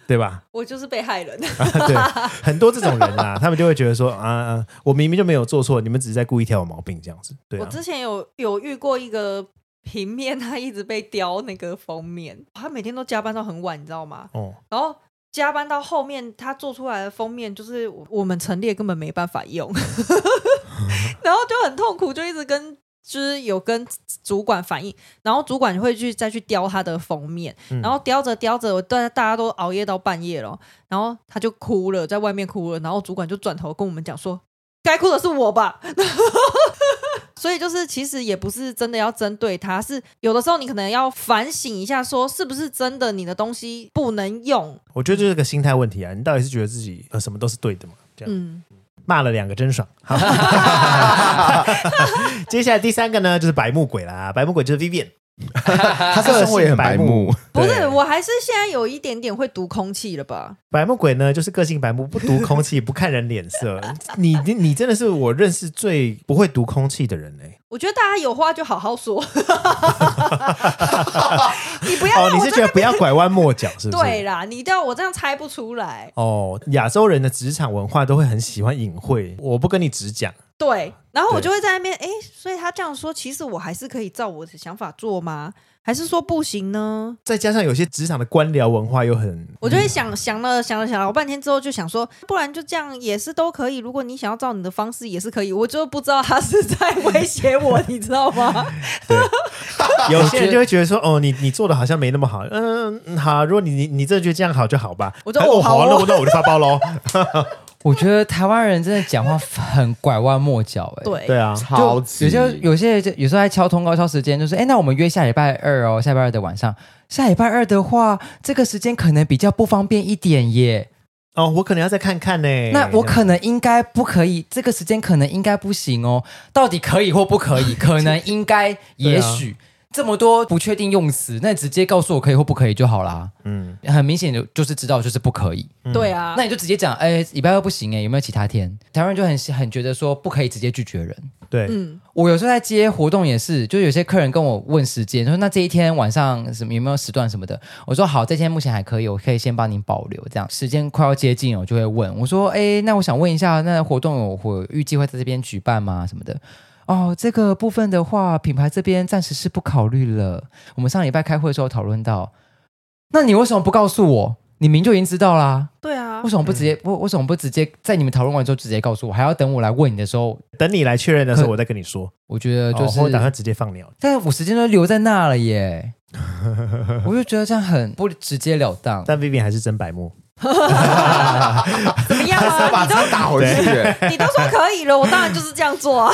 對吧？我就是被害人、啊。對， (laughs) 很多這種人啊， (laughs) 他們就會覺得說，啊，我明明就沒有做錯，你們只是在故意挑我毛病這樣子。對、啊、我之前有有遇過一個平面，他一直被刁那個封面，他每天都加班到很晚，你知道嗎？哦、嗯，然後加班到後面，他做出來的封面就是我們陳列根本沒辦法用， (laughs) 然後就很痛苦，就一直跟。就是有跟主管反映，然後主管會去再去雕他的封面，然後雕着雕着，大家大家都熬夜到半夜了，然後他就哭了，在外面哭了，然後主管就轉頭跟我們講說：“該哭的是我吧？” (laughs) 所以就是其實也不是真的要針對他，是有的時候你可能要反省一下，說是不是真的你的東西不能用？我覺得就是個心態問題啊，你到底是覺得自己呃什麼都是對的嘛？這樣、嗯。罵了兩個真爽 (laughs) (laughs) (laughs) 接下來第三個呢，就是白目鬼啦。白目鬼就是 Vivian，他也很白目 (laughs) 不是？我還是現在有一點點會讀空氣了吧？ (laughs) 點點了吧，白目鬼呢，就是個性白目，不讀空氣，不看人臉色你。你你真的是我認識最不會讀空氣的人呢、欸。我覺得大家有話就好好說 (laughs) (laughs) 你不要、哦、你是覺得不要拐彎抹角是不是？對啦，你知道我這樣猜不出來。哦，亞洲人的職場文化都會很喜歡隱晦，我不跟你直講。對，然後我就會在那邊哎、欸，所以他這樣說，其實我還是可以照我的想法做嗎？還是說不行呢？再加上有些職場的官僚文化又很……我就會想、嗯、想了，想了想了，我半天之後就想說，不然就這樣也是都可以。如果你想要照你的方式也是可以，我就不知道他是在威脅我， (laughs) 你知道嗎？有些人 (laughs) 就會覺得說，哦，你你做的好像沒那麼好，嗯，好，如果你你你真的覺得這樣好就好吧。我就哦，哦好，那、哦、那我，我就發包嘍。 (laughs) (laughs) 我覺得台灣人真的講話很拐彎抹角，哎，對啊，超級有些有些有時候還敲通告敲時間，就是誒、欸、那我們約下禮拜二哦，下禮拜二的晚上，下禮拜二的話，這個時間可能比較不方便一點耶。哦，我可能要再看看呢、欸。那我可能應該不可以，這個時間可能應該不行哦。到底可以或不可以？可能應該，也 (laughs) 許、啊。這麼多不確定用詞，那你直接告訴我可以或不可以就好啦。嗯，很明顯就就是知道就是不可以。對、嗯、啊，那你就直接講，哎、欸，禮拜二不行、欸，哎，有沒有其他天？台灣人就很很覺得說不可以直接拒絕人。對，嗯，我有時候在接活動也是，就有些客人跟我問時間，他說那這一天晚上什麼有沒有時段什麼的，我說好，這天目前還可以，我可以先幫您保留。這樣時間快要接近，我就會問，我說哎、欸，那我想問一下，那活動有我預計會在這邊舉辦嗎？什麼的。哦，這個部分的話，品牌這邊暫時是不考慮了。我們上禮拜開會的時候討論到。那你為什麼不告訴我？你明明就已經知道啦、啊。對啊，為什麼不直接？嗯、我為什麼不直接在你們討論完之後直接告訴我？還要等我來問你的時候，等你來確認的時候，我再跟你說。我覺得就是我、哦、打算直接放了，但我時間都留在那了耶。 (laughs) 我就覺得這樣很不直截了當。但 Vivi 還是真白目。哈哈哈哈哈！怎麼樣啊？你都打回去你，你都說可以了，我當然就是這樣做啊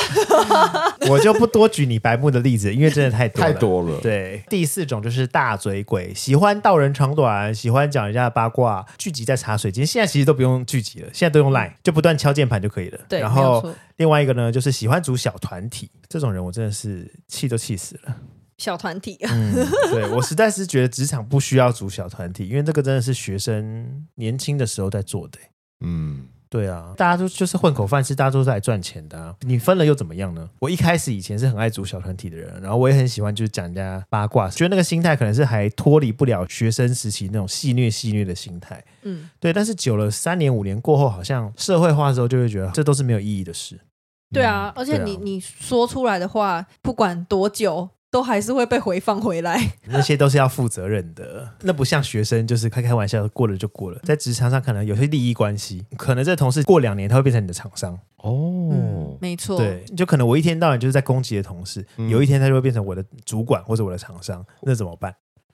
(laughs) 。我就不多舉你白目的例子，因為真的太多太多了。對，第四種就是大嘴鬼，喜歡道人長短，喜歡講人家的八卦，聚集在茶水間。現在其實都不用聚集了，現在都用 line，就不斷敲鍵盤就可以了。對，然後另外一個呢，就是喜歡組小團體，這種人我真的是氣都氣死了。小團體、啊嗯，對我實在是覺得職場不需要組小團體， (laughs) 因為這個真的是學生年輕的時候在做的、欸。嗯，對啊，大家都就是混口飯吃，是大家都是來賺錢的、啊。你分了又怎麼樣呢？我一開始以前是很愛組小團體的人，然後我也很喜歡就是講人家八卦，覺得那個心態可能是還脫離不了學生時期那種戲謔、戲謔的心態。嗯，對，但是久了三年五年過後，好像社會化的時候就會覺得這都是沒有意義的事。嗯、對啊，而且、啊、你你說出來的話，不管多久。都還是會被回放回來 (laughs) ，那些都是要負責任的。那不像學生，就是開開玩笑過了就過了。在職場上，可能有些利益關係，可能這同事過兩年他會變成你的廠商哦、嗯，沒錯，對，就可能我一天到晚就是在攻擊的同事、嗯，有一天他就會變成我的主管或者我的廠商，那怎麼辦？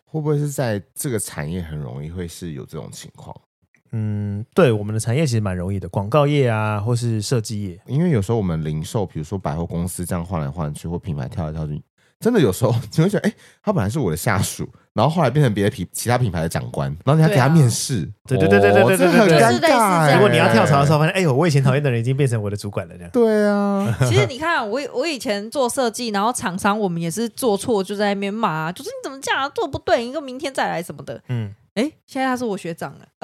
會不會是在這個產業很容易會是有這種情況？嗯，對，我們的產業其實蠻容易的，廣告業啊，或是設計業，因為有時候我們零售，比如說百貨公司這樣換來換去，或品牌跳來跳去。真的有時候你會想，哎、欸，他本來是我的下屬，然後後來變成別的品其他品牌的長官，然後你還給他面試、啊，對對對對對對、哦，對。真的很尷尬、欸。如果你要跳槽的時候，對對對發現哎，我、欸、我以前討厭的人已經變成我的主管了，對啊，其實你看，我我以前做設計，然後廠商我們也是做錯就在那邊罵，就是你怎麼這樣、啊、做不對，你明天再來什麼的，嗯。哎，現在他是我學長了， (laughs)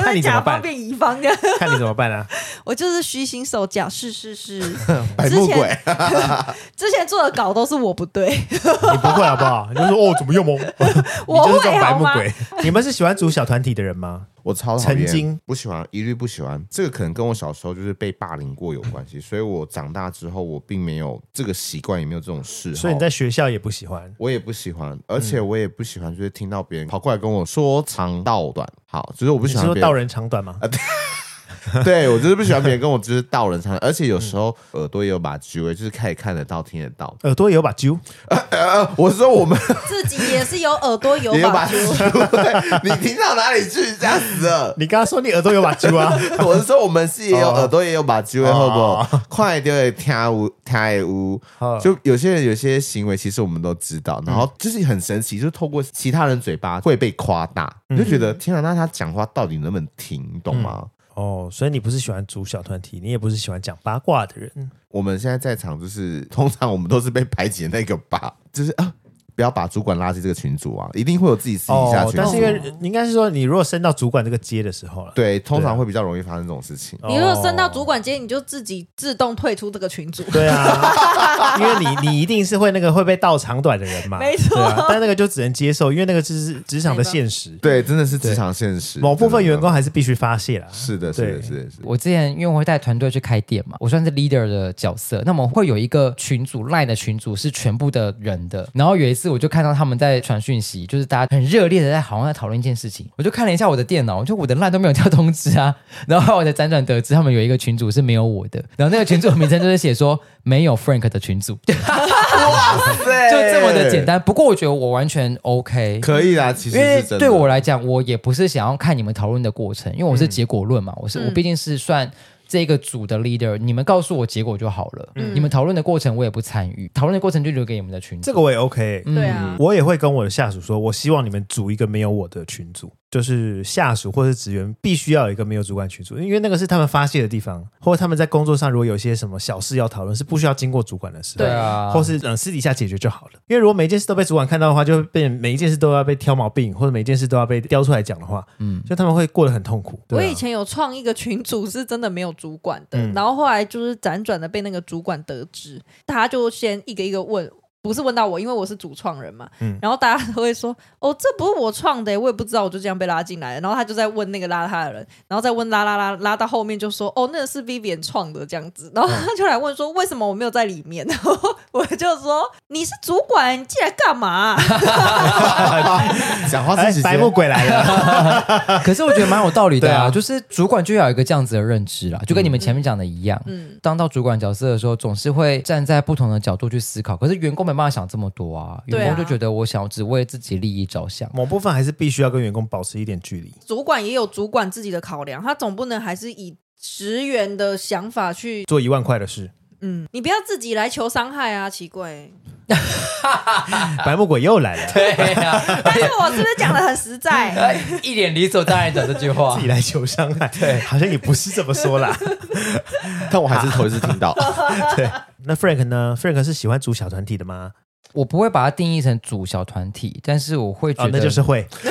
看你怎麼辦？甲方變乙方的，看你怎麼辦呢？我就是虛心受教，是是是，白目鬼，之前做的稿都是我不對， (laughs) 你不會好不好？你就說哦，怎麼又蒙 (laughs) 。我就是這種白目鬼。我會好嗎？你們是喜歡組小團體的人嗎？我超討厭，曾經，不喜歡，一律不喜歡。這個可能跟我小時候就是被霸凌過有關係、嗯，所以我長大之後我並沒有這個習慣，也沒有這種嗜好。所以你在學校也不喜歡，我也不喜歡，而且我也不喜歡，就是聽到別人跑過來跟我說長道短。好，只是我不喜歡。你說道人長短嗎？呃 (laughs) (laughs) 對，我就是不喜歡別人跟我就是道人差，而且有時候耳朵也有把揪，就是可以看得到、聽得到，耳朵也有把揪、呃呃。我說我們 (laughs) 自己也是有耳朵有把揪， (laughs) 對，你聽到哪裡去這樣子的？ (laughs) 你剛剛說你耳朵有把揪啊？ (laughs) 我是說我們是也有、oh, 耳朵也有把揪，oh. 好不好？快點聽無聽無，oh. 就有些人有些行為，其實我們都知道，然後就是很神奇，就是透過其他人嘴巴會被誇大，就覺得、嗯、天哪、啊，那他講話到底能不能聽，嗯、懂嗎？嗯哦，所以你不是喜歡組小團體，你也不是喜歡講八卦的人。嗯。我們現在在場，就是通常我們都是被排擠的那個吧，就是啊。不要把主管拉進這個群組啊！一定會有自己私底下去、哦。但是因為、嗯、應該是說，你如果升到主管這個階的時候了，對，通常會比較容易發生這種事情。啊哦、你如果升到主管階，你就自己自動退出這個群組。對啊， (laughs) 因為你你一定是會那個會被道長短的人嘛。沒錯、啊。但那個就只能接受，因為那個是職場的現實對。對，真的是職場現實。某部分員工還是必須發洩了。是的，是的，是的。我之前因為我會帶團隊去開店嘛，我算是 leader 的角色，那麼會有一個群組，line 的群組是全部的人的，然後有一次。是，我就看到他們在傳訊息，就是大家很熱烈的在好像在討論一件事情。我就看了一下我的電腦，就我的 LINE 都沒有跳通知啊。然後我才輾轉得知，他們有一個群組是沒有我的，然後那個群組的名稱就是寫說 (laughs) 沒有 Frank 的群組。 (laughs) 哇塞，就這麼的簡單。不過我覺得我完全 OK，可以啊，其實是真的。因為對我來講，我也不是想要看你們討論的過程，因為我是結果論嘛，嗯、我是我畢竟是算這個組的 leader，你們告訴我結果就好了。嗯，你們討論的過程我也不參與，討論的過程就留給你們的群組。這個我也 OK，嗯。對啊，我也會跟我的下屬說，我希望你們組一個沒有我的群組。就是下屬或者職員必須要有一個沒有主管群組，因為那個是他們發洩的地方，或者他們在工作上如果有些什麼小事要討論，是不需要經過主管的事。對啊，或是嗯私底下解決就好了。因為如果每件事都被主管看到的話，就會被每一件事都要被挑毛病，或者每件事都要被挑出來講的話，嗯，就他們會過得很痛苦。對啊、我以前有創一個群組，是真的沒有主管的，嗯、然後後來就是輾轉的被那個主管得知，他就先一個一個問。不是問到我，因為我是主創人嘛，嗯、然後大家都會說哦，這不是我創的，我也不知道，我就這樣被拉進來。然後他就在問那個拉他的人，然後再問拉拉拉，拉到後面就說哦，那個是 Vivian 創的這樣子。然後他就來問說、嗯、為什麼我沒有在裡面？然後我就說你是主管，你進來幹嘛？講 (laughs) (laughs) 話開始、哎、白目鬼來了 (laughs) 。可是我覺得蠻有道理的、啊啊，就是主管就要有一個這樣子的認知啦，就跟你們前面講的一樣，嗯，嗯當到主管角色的時候，總是會站在不同的角度去思考。可是員工們。沒辦法想這麼多啊，啊！員工就覺得我想要只為自己利益着想，某部分還是必須要跟員工保持一點距離。主管也有主管自己的考量，他總不能還是以職員的想法去做一萬塊的事。嗯，你不要自己來求傷害啊！奇怪，白魔鬼又來了。對、啊， (laughs) 但是我是不是講的很實在、嗯，哎？一臉理所當然的這句話，自己來求傷害。對，好像也不是這麼說啦。 (laughs) 但我還是頭一次聽到、啊。對，那 Frank 呢？Frank 是喜歡組小團體的嗎？我不會把它定義成組小團體，但是我會覺得、哦、那就是會、 (laughs)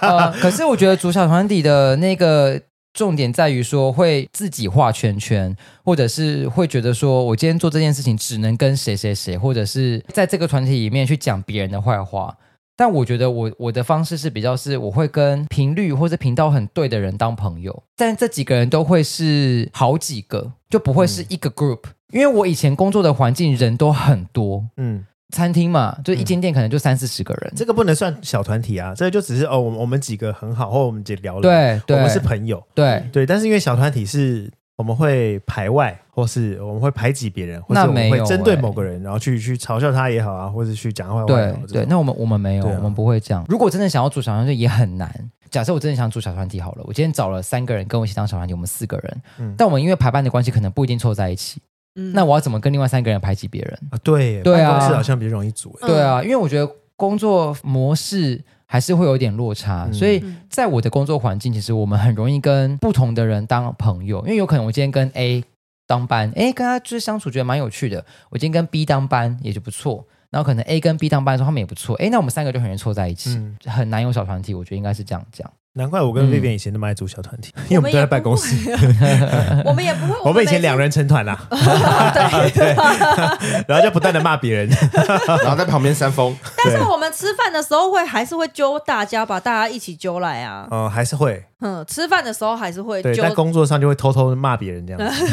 呃。可是我覺得組小團體的那個。重點在於說會自己畫圈圈，或者是會覺得說我今天做這件事情只能跟誰誰誰，或者是在這個團體裡面去講別人的壞話。但我覺得我我的方式是比較是我會跟頻率或者頻道很對的人當朋友，但這幾個人都會是好幾個，就不會是一個 group。嗯。因為我以前工作的環境人都很多，嗯。餐廳嘛，就一間店可能就三、嗯、四十個人，這個不能算小團體啊。這個、就只是哦，我們我們幾個很好，或我們幾聊了，對，我們是朋友，對對，對。但是因為小團體是，我們會排外，或是我們會排擠別人，或者我們會針對某個人，欸、然後去去嘲笑他也好啊，或者去講壞話，對對。那我們我們沒有、啊，我們不會這樣。如果真的想要組小團體也很難。假設我真的想組小團體好了，我今天找了三個人跟我一起當小團體，我們四個人、嗯，但我們因為排班的關係，可能不一定湊在一起。那我要怎麼跟另外三個人排擠別人啊？對、對啊，辦公室好像比較容易組。對啊，因為我覺得工作模式還是會有點落差，嗯、所以在我的工作環境、嗯，其實我們很容易跟不同的人當朋友，因為有可能我今天跟 A 當班，誒，跟他就是相處覺得蠻有趣的；我今天跟 B 當班也就不錯，然後可能 A 跟 B 當班的時候他們也不錯，誒，那我們三個就很容易湊在一起、嗯，很難有小團體，我覺得應該是這樣講。難怪我跟薇薇以前那麼愛組小團體，嗯，因為我們都在辦公室，我們，啊、 (laughs) 我們也不會。我們以前兩人成團啦，對 (laughs) 對，然後就不斷的罵別人， (laughs) 然後在旁邊煽風。但是我們吃飯的時候會還是會揪大家，把大家一起揪來啊。嗯，還是會，嗯，吃飯的時候還是會揪。對，在工作上就會偷偷罵別人這樣子。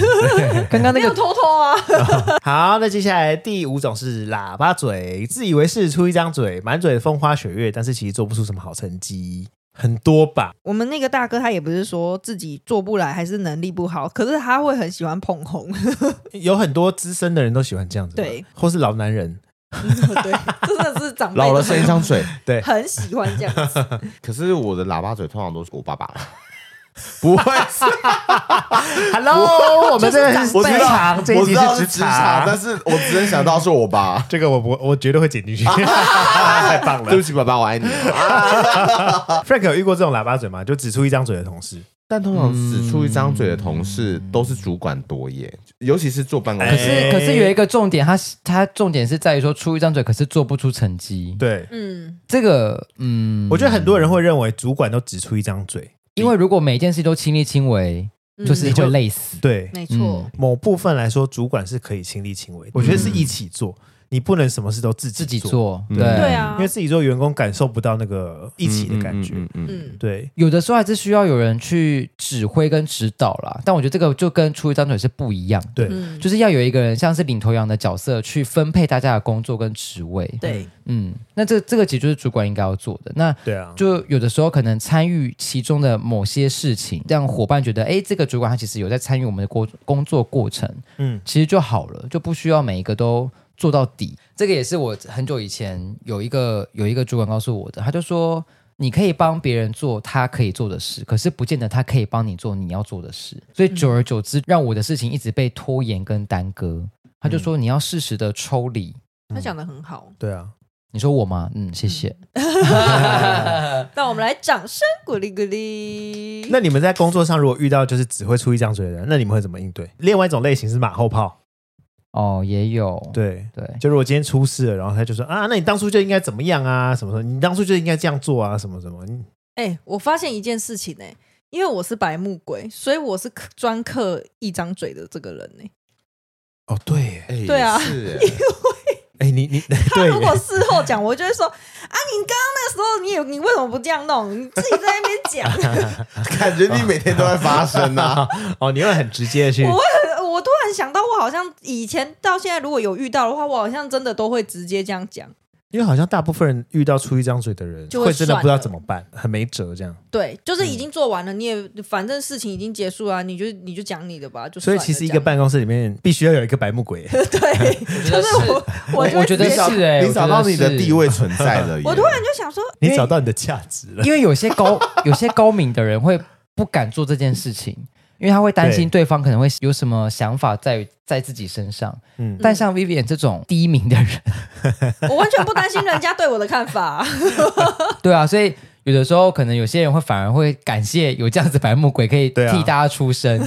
剛剛那個偷偷啊。 (laughs) 好，那接下來第五種是喇叭嘴，自以為是，出一張嘴，滿嘴風花雪月，但是其實做不出什麼好成績。很多吧。我們那個大哥，他也不是說自己做不來，還是能力不好，可是他會很喜歡捧紅。呵呵，有很多資深的人都喜歡這樣子，對，或是老男人，嗯、對， (laughs) 真的是長輩的老了生一張嘴， (laughs) 對，很喜歡這樣子。可是我的喇叭嘴通常都是我爸爸不 (laughs) 會 (laughs) ，Hello，我，我們在是我這集是職場，這集是職場，但是我只能想到是我吧？這個我不，我絕對會剪進去， (laughs) 太棒了！對不起，爸爸，我愛你。Frank 有遇過這種喇叭嘴嗎？就指出一張嘴的同事，但通常指出一張嘴的同事都是主管多耶，尤其是做辦公。可是、欸，可是有一個重點，他，他重點是在於說出一張嘴，可是做不出成績。對，嗯，這個，嗯，我覺得很多人會認為主管都指出一張嘴。因為如果每件事都親力親為，嗯、就是會累死。對，沒、嗯、錯。某部分來說，主管是可以親力親為的、嗯，我覺得是一起做。你不能什麼事都自己做自己做，嗯、對對啊，因為自己做員工感受不到那個一起的感覺，嗯，對，有的時候還是需要有人去指揮跟指導啦。但我覺得這個就跟出一張嘴是不一樣的，對、嗯，就是要有一個人像是領頭羊的角色去分配大家的工作跟職位，對，嗯，那這這個其實就是主管應該要做的。那對啊，就有的時候可能參與其中的某些事情，讓夥伴覺得，哎、欸，這個主管他其實有在參與我們的工作過程，嗯，其實就好了，就不需要每一個都。做到底，這個也是我很久以前有一個有一個主管告訴我的。他就說，你可以幫別人做他可以做的事，可是不見得他可以幫你做你要做的事。所以久而久之，嗯，讓我的事情一直被拖延跟耽擱。他就說，你要適時的抽離。他，嗯嗯，講得很好。對啊，你說我嗎？嗯，謝謝。嗯， (laughs) (laughs) (laughs) (laughs) 那我們來掌聲鼓勵鼓勵。 (laughs) 那你們在工作上如果遇到就是只會出一張嘴的人，那你們會怎麼應對？另外一種類型是馬後炮。哦，也有，對對，就是我今天出事了，然後他就說啊，那你當初就應該怎麼樣啊，什麼什麼，你當初就應該這樣做啊，什麼什麼。哎、欸，我發現一件事情呢、欸，因為我是白目鬼，所以我是專刻一張嘴的這個人呢、欸。哦，對，對啊，是。因為哎，你你他如果事後講，我就會說,、欸、就會說啊，你剛剛那時候，你有你為什麼不這樣弄？你自己在那邊講， (laughs) 感覺你每天都在發生啊。哦，哦哦你會很直接的去。我突然想到，我好像以前到現在，如果有遇到的話，我好像真的都會直接這樣講。因為好像大部分人遇到出一張嘴的人，就會，會真的不知道怎麼辦，很沒轍這樣。對，就是已經做完了，嗯、你也反正事情已經結束了，啊，你就你就講你的吧的。所以其實一個辦公室裡面必須要有一個白目鬼。對，就是我我覺得是，你找、 (laughs) 欸、到你的地位存在了。 (laughs) 我突然就想說，你找到你的價值了。因為有些高有些高明的人會不敢做這件事情。 (laughs) 因為他會擔心對方可能會有什麼想法在在自己身上，嗯、但像 Vivian 這種第一名的人，我完全不擔心人家對我的看法。 (laughs) 對啊，所以有的時候可能有些人會反而會感謝有這樣子白目鬼可以替大家出聲。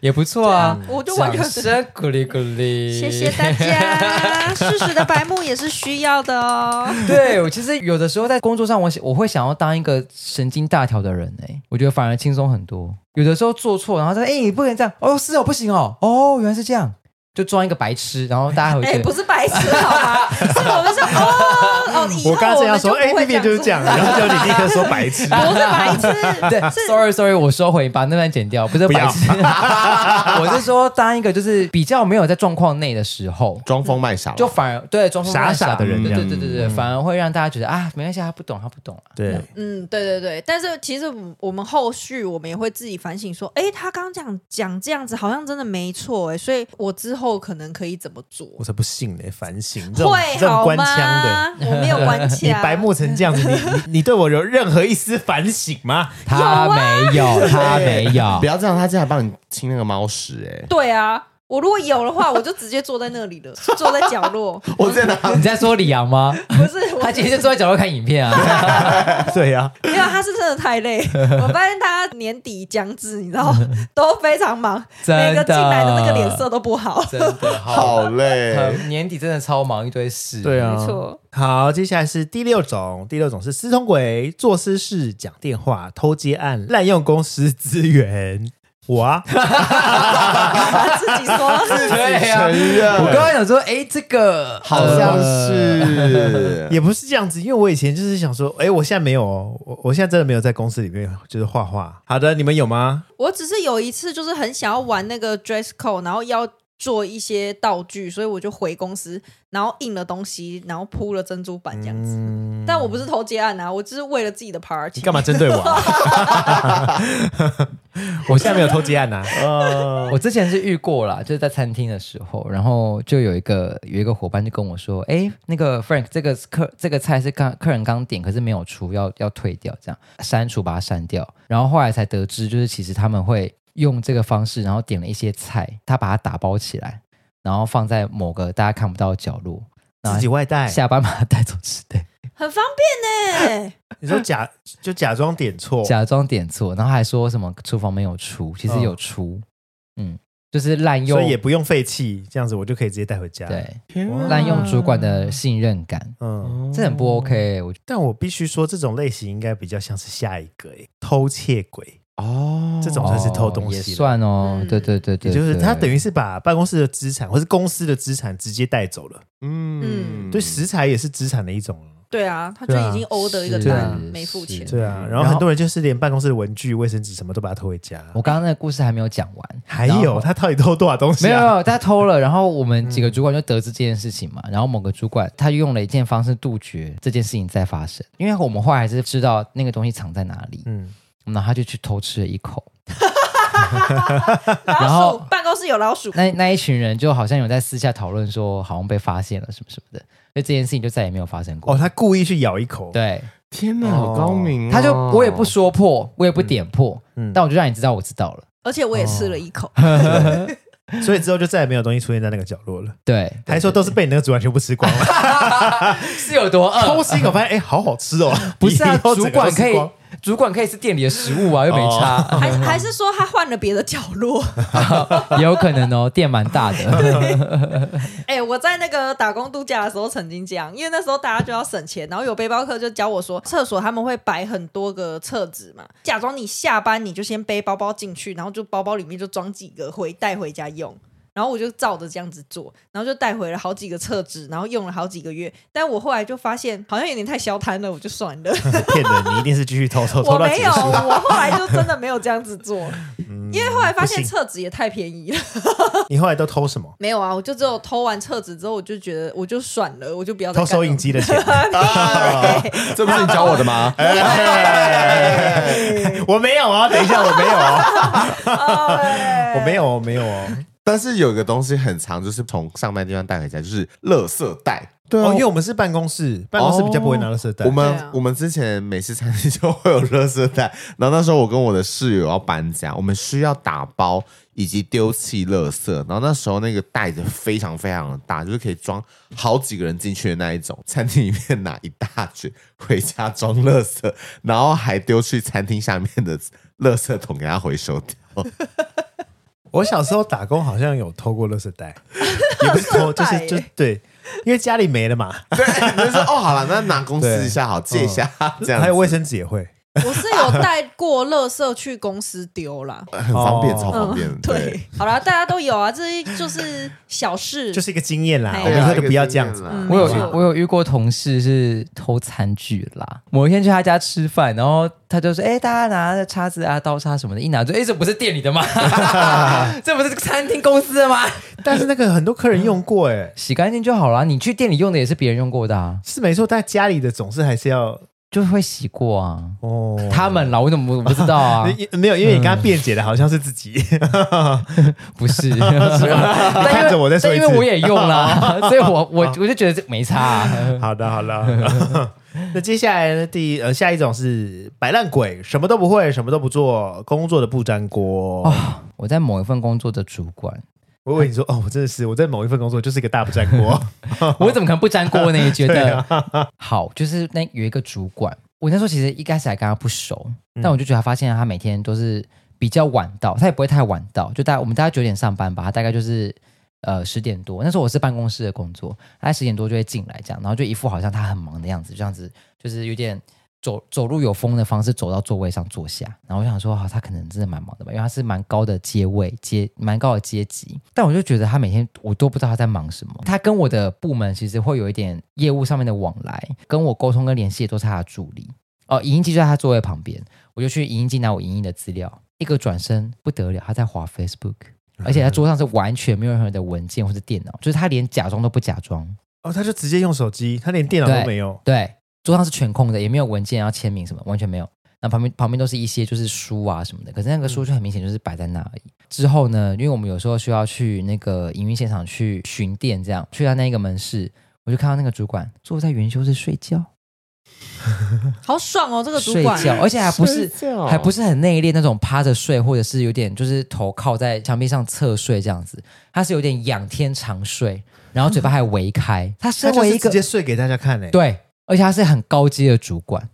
也不錯啊，啊我就完了。掌聲，鼓勵鼓勵，謝謝大家。適 (laughs) 時的白目也是需要的哦。對我其實有的時候在工作上我，我我會想要當一個神經大條的人哎、欸，我覺得反而輕鬆很多。有的時候做錯，然後他說：“哎，你不能這樣。”哦，是哦，不行哦。哦，原來是這樣。就裝一個白痴，然後大家會覺得、欸、不是白痴、啊，好 (laughs) 吧？是、 (laughs) 哦、我們是哦。哦。我剛才要說，哎，那邊就是這樣，然後就你立刻說白痴， (laughs) 不是白痴。對，sorry sorry，我收回，把那段剪掉，不是白痴。 (laughs) 我是說，當一個就是比較沒有在狀況內的時候，裝瘋賣傻，就反而對裝傻，傻傻的人，對對對對，反而會讓大家覺得啊，沒關係，他不懂，他不懂、啊、對，嗯，對對對。但是其實我們後續我們也會自己反省說，哎、欸，他剛講講這樣子，好像真的沒錯，哎，所以我之後。後可能可以怎麼做？我才不信呢！反省這種這種官腔的，我沒有官腔。 (laughs) 你白目成這樣子，你你對我有任何一絲反省嗎？ (laughs) 他沒有，他沒有。 (laughs) 不要這樣，他這樣幫你清那個貓屎、欸！哎，對啊。我如果有的話，我就直接坐在那裡了， (laughs) 坐在角落。我在哪？你在說李陽嗎？ (laughs) 不是， (laughs) 他今天就坐在角落看影片啊， (laughs) 對啊， (laughs) 對啊。對呀，因為他是，是真的太累。 (laughs) 我發現他年底將至，你知道都非常忙， (laughs) 真每個進來的那個臉色都不好。真的好， (laughs) 好累，嗯，年底真的超忙，一堆事。對啊，沒錯。好，接下來是第六種，第六種是私通鬼，做私事，講電話，偷接案，濫用公司資源。我啊 (laughs) ，自己說，自己承呀。我剛剛想說，哎、欸，這個好像是，也不是這樣子，因為我以前就是想說，哎、欸，我現在沒有，我我現在真的沒有在公司裡面就是畫畫。好的，你們有嗎？我只是有一次就是很想要玩那個 dress code，然後要。做一些道具，所以我就回公司，然後印了東西，然後鋪了珍珠板這樣子。嗯、但我不是偷竊案啊，我只是為了自己的 party。你幹嘛針對我，啊？ (laughs) (laughs) (laughs) 我現在沒有偷竊案啊。 (laughs) (laughs) 我之前是遇過啦，就是在餐廳的時候，然後就有一個有一個夥伴就跟我說：“哎，那個 Frank，這個客這個菜是剛客人剛點，可是沒有出，要要退掉，這樣刪除把它刪掉。”然後後來才得知，就是其實他們會。用這個方式，然後點了一些菜，他把它打包起來，然後放在某個大家看不到的角落，自己外帶，下班把它帶走吃，對，很方便呢。 (laughs) 你說假就假裝點錯， (laughs) 假裝點錯，然後還說什麼廚房沒有出，其實有出，嗯，嗯，就是濫用，所以也不用廢棄，這樣子我就可以直接帶回家。對，濫用主管的信任感，嗯，嗯，這很不 OK。但我必須說，這種類型應該比較像是下一個、欸、偷竊鬼。哦，這種算是偷東西、哦，也、嗯、算哦。對對對對，就是他等於是把辦公室的資產，或是公司的資產直接帶走了。嗯，嗯對，食材也是資產的一種、嗯、對啊，他就已經歐的一個單、啊、沒付錢了。對啊，然後很多人就是連辦公室的文具、衛生紙什麼都把它偷回家。我剛剛那個故事還沒有講完，還有他到底偷多少東西、啊？沒有，他偷了。然後我們幾個主管就得知這件事情嘛、嗯。然後某個主管他用了一件方式杜絕這件事情再發生，因為我們後來還是知道那個東西藏在哪裡。嗯。然後他就去偷吃了一口， (laughs) 然後辦公室有老鼠，那那一群人就好像有在私下討論說，好像被發現了什麼什麼的，所以這件事情就再也沒有發生過。哦，他故意去咬一口，對，天哪，哦、好高明，哦！他就我也不說破，我也不點破，嗯，嗯，但我就讓你知道我知道了，而且我也吃了一口，哦、 (laughs) 所以之後就再也沒有東西出現在那個角落了。對，還說都是被你那個主管全部吃光了，對對對對 (laughs) 是有多餓、嗯？偷吃一口發現，哎、欸，好好吃哦，不是啊，主管可以。主管可以是店裡的食物啊，又沒差。哦、呵呵還是還是說他換了別的角落、哦？有可能哦， (laughs) 店蠻大的。對。哎、欸，我在那個打工度假的時候曾經這樣，因為那時候大家就要省錢，然後有背包客就教我說，廁所他們會擺很多個廁紙嘛，假裝你下班你就先背包包進去，然後就包包裡面就裝幾個回帶回家用。然後我就照着這樣子做，然後就帶回了好幾個廁紙，然後用了好幾個月。但我後來就發現，好像有點太消癱了，我就算了 (laughs) 騙人。你一定是繼續偷偷到，我沒有，我後來就真的沒有這樣子做。 (laughs) 嗯、因為後來發現廁紙也太便宜了。 (laughs) 你後來都偷什麼？沒有啊，我就只有偷完廁紙之後，我就覺得我就算了，我就不要偷收音機的錢。 (laughs) 啊哎、這不是你教我的嗎？我、哎哎哎哎哎哎？我沒有啊，等一下 (laughs) 我沒有啊， (laughs) 我沒有、啊、 (laughs) 我沒有哦、啊。 (laughs) (laughs) (laughs) 但是有一個東西很常，就是從上班的地方帶回家，就是垃圾袋。對、哦哦、因為我們是辦公室，辦公室比較不會拿垃圾袋。哦、我們、啊、我們之前每次餐廳就會有垃圾袋，然後那時候我跟我的室友要搬家，我們需要打包以及丟棄垃圾。然後那時候那個袋子非常非常的大，就是可以裝好幾個人進去的那一種。餐廳裡面拿一大卷回家裝垃圾，然後還丟去餐廳下面的垃圾桶給他回收掉。 (laughs) 我小時候打工好像有偷過垃圾袋，也不是偷，就是 (laughs) 就， (laughs) 就對，因為家裡沒了嘛，對， (laughs) 你就說哦，好了，那拿公司一下好，好借一下，嗯、這樣還有衛生紙也會。我是有帶過垃圾去公司丟啦、啊，很方便，哦、超方便、嗯對。對，好啦，大家都有啊，這是就是小事，就是一個經驗啦、啊。我們就不要這樣子、啊、一個我有、嗯我有嗯，我有遇過同事是偷餐具啦。某一天去他家吃飯，然後他就說：“哎、欸，大家拿的叉子啊、刀叉什麼的，一拿就，哎、欸，這不是店裡的嗎？ (laughs) 這不是餐廳公司的嗎？ (laughs) 但是那個很多客人用過、欸，哎、嗯，洗乾淨就好啦。你去店裡用的也是別人用過的，啊？是沒錯。但家裡的總是還是要。”就會洗過啊，哦、oh.，他們老、啊、我怎麼不知道啊？ (laughs) 沒有，因為你剛剛辯解的好像是自己， (laughs) (laughs) 不是？ (laughs) 是嗎 (laughs) 你看着我在說， (laughs) 但因為我也用了、啊，所以我我我就覺得這沒差、啊 (laughs) 好。好的，好的。 (laughs) 那接下來第呃下一種是擺爛鬼，什麼都不會，什麼都不做，工作的不沾鍋啊！Oh, 我在某一份工作的主管。我跟你說，哦，我真的是我在某一份工作就是一個大不粘鍋， (laughs) 我怎麼可能不粘鍋呢？也覺得 (laughs) 對、啊、 (laughs) 好，就是那有一個主管，我那時候其實一開始還跟他不熟，但我就覺得他發現他每天都是比較晚到，他也不會太晚到，就大概我們大概九點上班吧，大概就是呃十點多。那時候我是辦公室的工作，他十點多就會進來，這樣，然後就一副好像他很忙的樣子，這樣子，就是有點。走走路有風的方式走到座位上坐下，然後我想說，好、啊，他可能真的蠻忙的吧，因為他是蠻高的階位階蠻高的階級，但我就覺得他每天我都不知道他在忙什麼。他跟我的部門其實會有一點業務上面的往來，跟我溝通跟聯繫也都是他的助理哦。影印機就在他座位旁邊，我就去影印機拿我影印的資料，一個轉身不得了，他在滑 Facebook，而且他桌上是完全沒有任何的文件或者電腦，就是他連假裝都不假裝哦，他就直接用手機，他連電腦都沒有，對。對桌上是全空的，也沒有文件要簽名什麼，完全沒有。那旁邊旁邊都是一些就是書啊什麼的，可是那個書就很明顯就是擺在那而已。之後呢，因為我們有時候需要去那個營運現場去巡店，這樣去到那個門市，我就看到那個主管坐在員休室睡覺， (laughs) 好爽哦、喔！這個主管睡覺而且還不是還不是很內斂那種趴着睡，或者是有點就是頭靠在牆壁上側睡這樣子，他是有點仰天長睡，然後嘴巴還微開，他、嗯、身為一個直接睡給大家看的、欸、對。而且他是很高階的主管，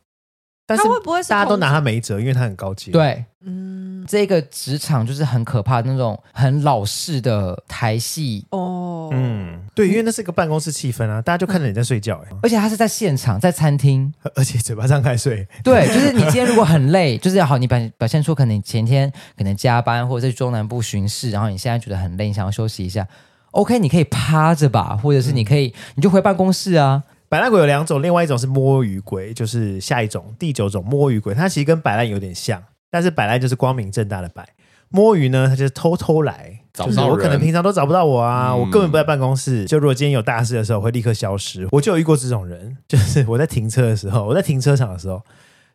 但是大家都拿他沒轍，因為他很高階。對，嗯，這個職場就是很可怕，那種很老式的台戲哦。嗯，對，因為那是一個辦公室氣氛啊，大家就看着你在睡覺欸。而且他是在現場，在餐廳，而且嘴巴張開睡。對，就是你今天如果很累，就是好，你表表現出可能前天可能加班，或者在中南部巡視，然後你現在覺得很累，你想要休息一下。OK，你可以趴着吧，或者是你可以，你就回辦公室啊。擺爛鬼有兩種，另外一種是摸魚鬼，就是下一種第九種摸魚鬼。它其實跟擺爛有點像，但是擺爛就是光明正大的擺，摸魚呢，它就是偷偷來找到，就是我可能平常都找不到我啊、嗯，我根本不在辦公室。就如果今天有大事的時候，會立刻消失。我就有遇過這種人，就是我在停車的時候，我在停車場的時候。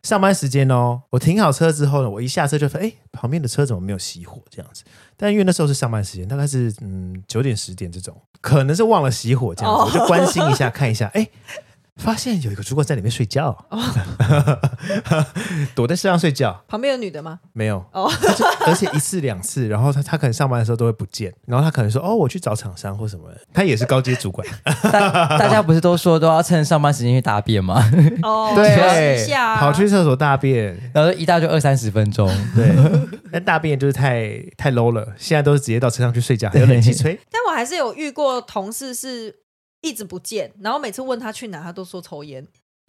上班時間哦，我停好車之後呢，我一下車就說：“哎、欸，旁邊的車怎麼沒有熄火？這樣子。”但因為那時候是上班時間，大概是嗯九點十點這種，可能是忘了熄火這樣子。Oh. 我就關心一下， (laughs) 看一下，哎、欸。發現有一個主管在裡面睡覺，oh. (laughs) 躲在車上睡覺，旁邊有女的嗎？沒有哦、oh.，而且一次兩次，然後他他可能上班的時候都會不見，然後他可能說：“哦，我去找廠商或什麼。”他也是高階主管 (laughs) ，大家不是都說都要趁上班時間去大便嗎？哦、oh.，對，跑去廁所大便，然後一大就二三十分鐘，對，那 (laughs) 大便就是太太 low 了，現在都是直接到車上去睡覺，還有冷氣吹。但我還是有遇過同事是。一直不見，然後每次問他去哪，他都說抽煙。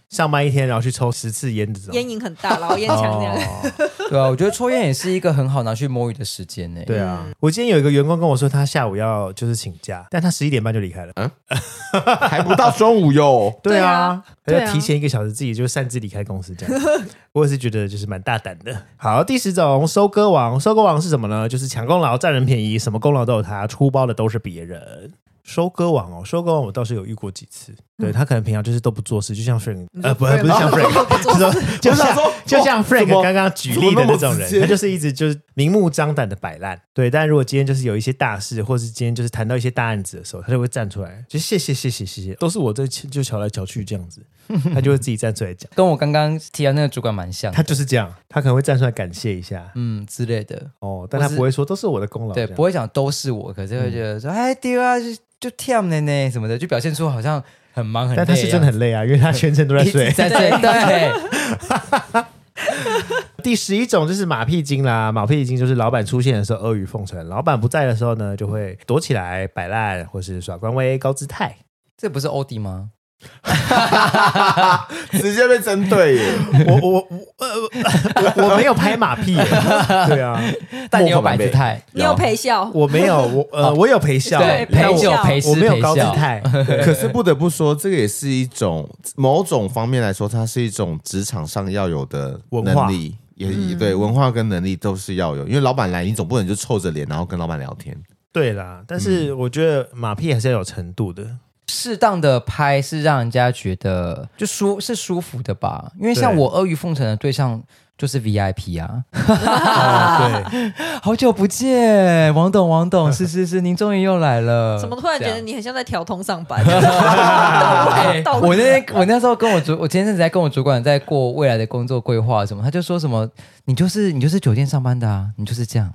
上班一天，然後去抽十次煙的，的時候煙癮很大，然後煙槍這樣 (laughs) 、哦。對啊，我覺得抽煙也是一個很好拿去摸魚的時間呢、欸。對啊、嗯，我今天有一個員工跟我說，他下午要就是請假，但他十一點半就離開了，嗯、 (laughs) 還不到中午喲、 (laughs) 啊。對啊，還要提前一個小時自己就擅自離開公司這樣。 (laughs) 我也是覺得就是蠻大膽的。好，第十種收割王，收割王是什麼呢？就是搶功勞、占人便宜，什麼功勞都有他出包的都是別人。收割王哦、喔，收割王我倒是有遇過幾次。對，他可能平常就是都不做事，就像 Frank、嗯、呃，不不是像 Frank，是 (laughs) 就說 (laughs) 就像說就像 Frank 剛剛舉例的那種人麼那麼。他就是一直就是明目張膽的擺爛。對，但如果今天就是有一些大事，或是今天就是談到一些大案子的時候，他就會站出來，就謝謝謝謝謝謝，都是我就搶來搶去這樣子，他就會自己站出來講， (laughs) 跟我剛剛提到那個主管蠻像。他就是這樣，他可能會站出來感謝一下，嗯之類的哦，但他不會說都是我的功勞，對，不會講都是我，可是會覺得說哎，丟、嗯、啊就就 TM 呢什麼的，就表現出好像。很忙很累，但他是真的很累啊，因為他全程都在睡，在睡。對，第十一種就是馬屁精啦，馬屁精就是老闆出現的時候阿諛奉承，老闆不在的時候呢，就會躲起來擺爛，或是耍官威、高姿態。這不是奧迪嗎？哈哈哈哈哈！直接被針對，耶 (laughs) 我，我我我呃，我我， (laughs) 我沒有拍馬屁，耶。對啊， (laughs) 但你有擺姿態 (laughs) ，你有陪笑，我沒有，我呃， (laughs) 我有陪笑，對，陪笑陪，陪笑，我沒有高姿態。 (laughs) 可是不得不說，這個也是一種某種方面來說，它是一種職場上要有的能力，文化也對、嗯，文化跟能力都是要有，因為老板來，你總不能就臭着臉然後跟老板聊天。對啦，但是我覺得馬屁還是要有程度的。嗯適當的拍是讓人家覺得就舒是舒服的吧，因為像我阿諛奉承的對象就是 VIP 啊。啊 (laughs) 對，好久不見，王董，王董，是是是，您終於又來了。怎麼突然覺得你很像在條通上班？ (laughs) (laughs) (laughs) 到欸、到我那天 (laughs) 我那時候跟我主，我今天一直在跟我主管在過未來的工作規劃什麼，他就說什麼，你就是你就是酒店上班的啊，你就是這樣。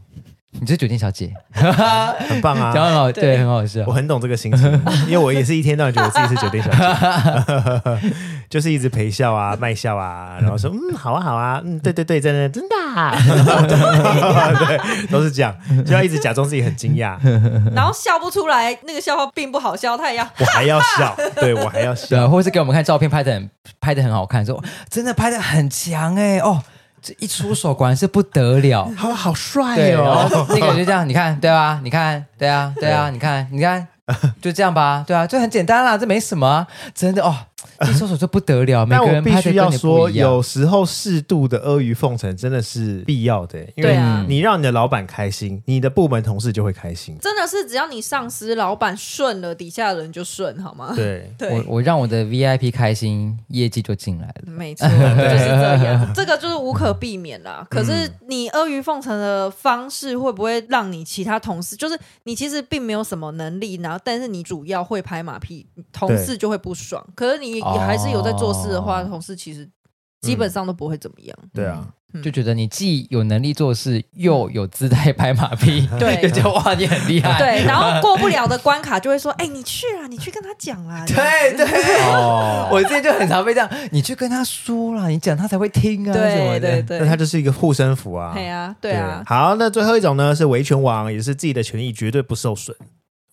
你就是酒店小姐， (laughs) 很棒啊，講很好對、啊對，對，很好笑。我很懂這個心情，因為我也是一天到晚覺得自己是酒店小姐， (laughs) (laughs) 就是一直陪笑啊，賣笑啊，然後說嗯，好啊，好啊，嗯，對對對，真的真、啊、的， (laughs) (laughs) 對，都是這樣，就要一直假裝自己很驚訝， (laughs) 然後笑不出來，那個笑話並不好笑，他也要，我要，我還要笑，對我還要笑，或是給我們看照片，拍的很，拍的很好看，說真的拍的很強哎、欸，哦。這一出手，果然是不得了， (laughs) 好好帥喲！哦、 (laughs) 那個就這樣，你看，對吧、啊？你看，對啊，對啊， (laughs) 你看，你看，就這樣吧，對啊，就很簡單啦，這沒什麼，真的哦。這說說就不得了，嗯、每個人但我必須要說，有時候適度的阿諛奉承真的是必要的，欸。因為啊，你讓你的老闆開心，你的部門同事就會開心。嗯、真的是只要你上司、老闆順了，底下的人就順，好嗎？對，對我我讓我的 VIP 開心，業績就進來了。沒錯，就是這樣， (laughs) 這個就是無可避免啦。可是你阿諛奉承的方式會不會讓你其他同事，嗯、就是你其實並沒有什麼能力，然後但是你主要會拍馬屁，同事就會不爽。可是你。你還是有在做事的話，oh, 同事其實基本上都不會怎麼樣。嗯嗯、對啊、嗯，就覺得你既有能力做事，又有姿態拍馬屁，對， (laughs) 就哇，你很厲害。對，然後過不了的關卡，就會說，哎、 (laughs) 欸，你去啊，你去跟他講啊。對對，對 (laughs) oh, 我今天就很常被這樣，你去跟他說啦，你講他才會聽啊對什麼的。對對對，那他就是一個護身符啊。對啊，對啊對。好，那最後一種呢，是維權王，也是自己的權益絕對不受損。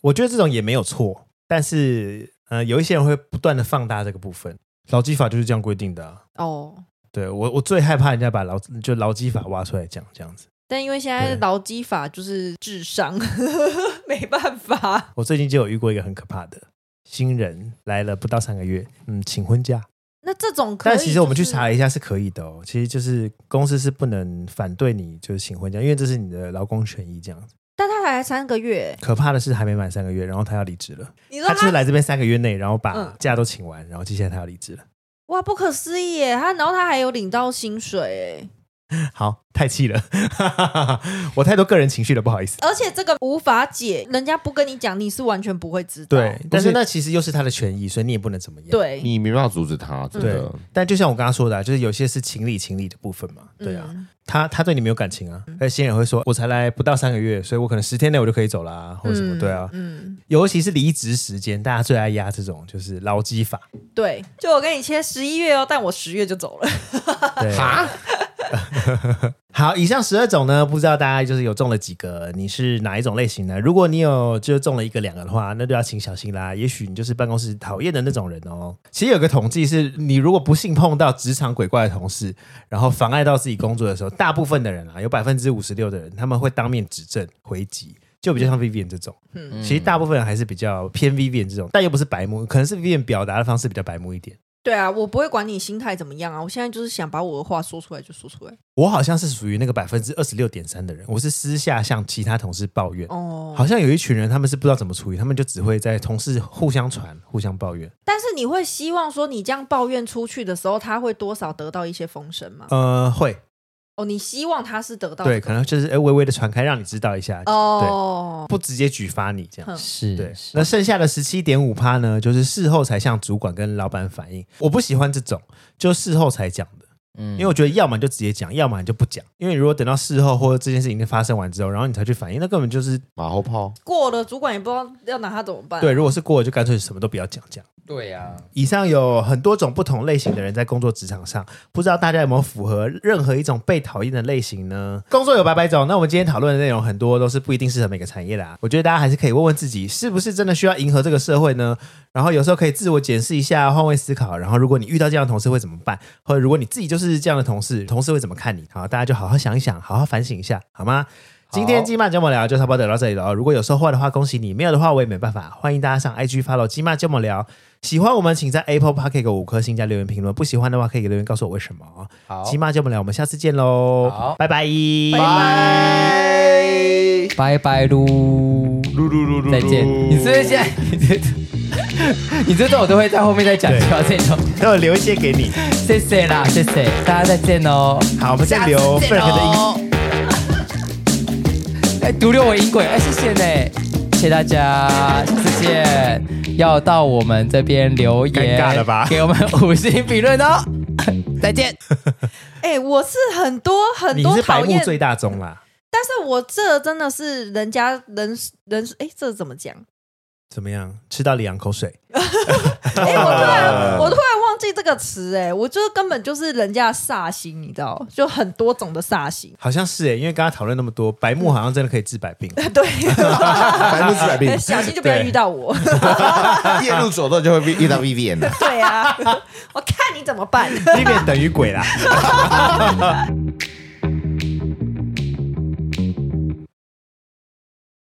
我覺得這種也沒有錯，但是。呃，有一些人會不斷的放大這個部分，勞基法就是這樣規定的、啊、哦。對我，我最害怕人家把勞就勞基法挖出來講這樣子。但因為現在的勞基法就是智商 (laughs) 沒辦法。我最近就有遇過一個很可怕的新人，來了不到三個月，嗯，請婚假。那這種可以、就是，但其實我們去查一下是可以的哦。其實就是公司是不能反對你就是請婚假，因為這是你的勞工權益這樣子。但他才來三個月，欸，可怕的是還沒滿三個月，然後他要離職了。他，他就是來這邊三個月內，然後把假都請完，嗯，然後接下來他要離職了。哇，不可思議耶，欸！他然後他還有領到薪水，欸，好。太氣了，哈哈哈。我太多個人情緒了，不好意思。而且這個無法解，人家不跟你講，你是完全不會知道。對，但是那其實又是他的權益，所以你也不能怎麼樣。對，你沒辦法阻止他。對，但就像我剛剛說的、啊，就是有些是情理情理的部分嘛。對啊，嗯、他他對你沒有感情啊。那新人會說，我才來不到三個月，所以我可能十天內我就可以走了、啊，或者什麼對啊、嗯。尤其是離職時間，大家最愛壓這種就是勞基法。對，就我跟你簽十一月哦，但我十月就走了。哈哈哈。蛤 (laughs) 好，以上十二種呢，不知道大家就是有中了幾個？你是哪一種類型呢？如果你有就中了一個、兩個的話，那就要請小心啦。也許你就是辦公室討厭的那種人哦。嗯。其實有個統計是，你如果不幸碰到職場鬼怪的同事，然後妨礙到自己工作的時候，大部分的人啊，有百分之五十六的人，他們會當面指正、回擊，就比較像 Vivian 這種。嗯。其實大部分人還是比較偏 Vivian 這種，但又不是白目，可能是 Vivian 表達的方式比較白目一點。對啊，我不會管你心態怎麼樣啊！我現在就是想把我的話說出來就說出來。我好像是屬於那個百分之二十六點三的人，我是私下向其他同事抱怨哦，好像有一群人他們是不知道怎麼處理，他們就只會在同事互相傳、互相抱怨。但是你會希望說你這樣抱怨出去的時候，他會多少得到一些風聲嗎？呃，會。哦，你希望他是得到、這個、對，可能就是哎微微的傳開，讓你知道一下，哦，對，不直接舉發你這樣是，是對。那剩下的十七點五趴呢，就是事後才向主管跟老闆反映。我不喜歡這種，就是、事後才講的，嗯，因為我覺得要麼就直接講，要麼你就不講。因為如果等到事後或者這件事情已經發生完之後，然後你才去反映，那根本就是馬後炮。過了，主管也不知道要拿他怎麼辦、啊。對，如果是過了，就乾脆什麼都不要講這樣。對呀、啊，以上有很多種不同類型的人在工作職場上，不知道大家有沒有符合任何一種被討厭的類型呢？工作有百百種，那我們今天討論的內容很多都是不一定適合每個產業的啊。我覺得大家還是可以問問自己，是不是真的需要迎合這個社會呢？然後有時候可以自我檢視一下，換位思考。然後如果你遇到這樣的同事會怎麼辦？或者如果你自己就是這樣的同事，同事會怎麼看你？好，大家就好好想一想，好好反省一下，好嗎？今天激罵揪某聊就差不多聊到這裡了，如果有收穫的話，恭喜你；沒有的話，我也沒辦法。歡迎大家上 IG follow 激罵揪某聊。喜歡我們，請在 Apple Podcast 給個五顆星加留言評論。不喜歡的話，可以留言告訴我為什麼啊！好，激罵揪某聊，我們下次見嘍！拜拜拜拜拜拜嚕嚕嚕嚕！再見！你是不是現在你這段 (laughs) (laughs) 我都會在後面再講，主要這種都要留一些給你，謝謝啦，謝謝大家，再見哦！好，我們先留配合哎，獨留我影鬼，哎，謝謝呢，謝謝大家，謝謝。要到我們這邊留言，尷尬了吧？給我們五星評論哦，再見。哎、 (laughs) 欸，我是很多很多討厭最大宗啦，但是我這真的是人家人人哎、欸，這怎麼講？怎麼樣？吃到兩口水？哎、 (laughs) 欸，我突然， (laughs) 我突然。 (laughs) 這個詞，哎，我覺得根本就是人家的煞星，你知道，就很多種的煞星。好像是哎、欸，因為剛才討論那麼多，白目好像真的可以治百病、嗯、 (laughs) 對 (laughs) 病。對，白目治百病。小心就不要遇到我， (laughs) 夜路走多就會遇到 V V N 了。 (laughs) 對啊，我看你怎麼辦？V V N 等於鬼啦。 (laughs)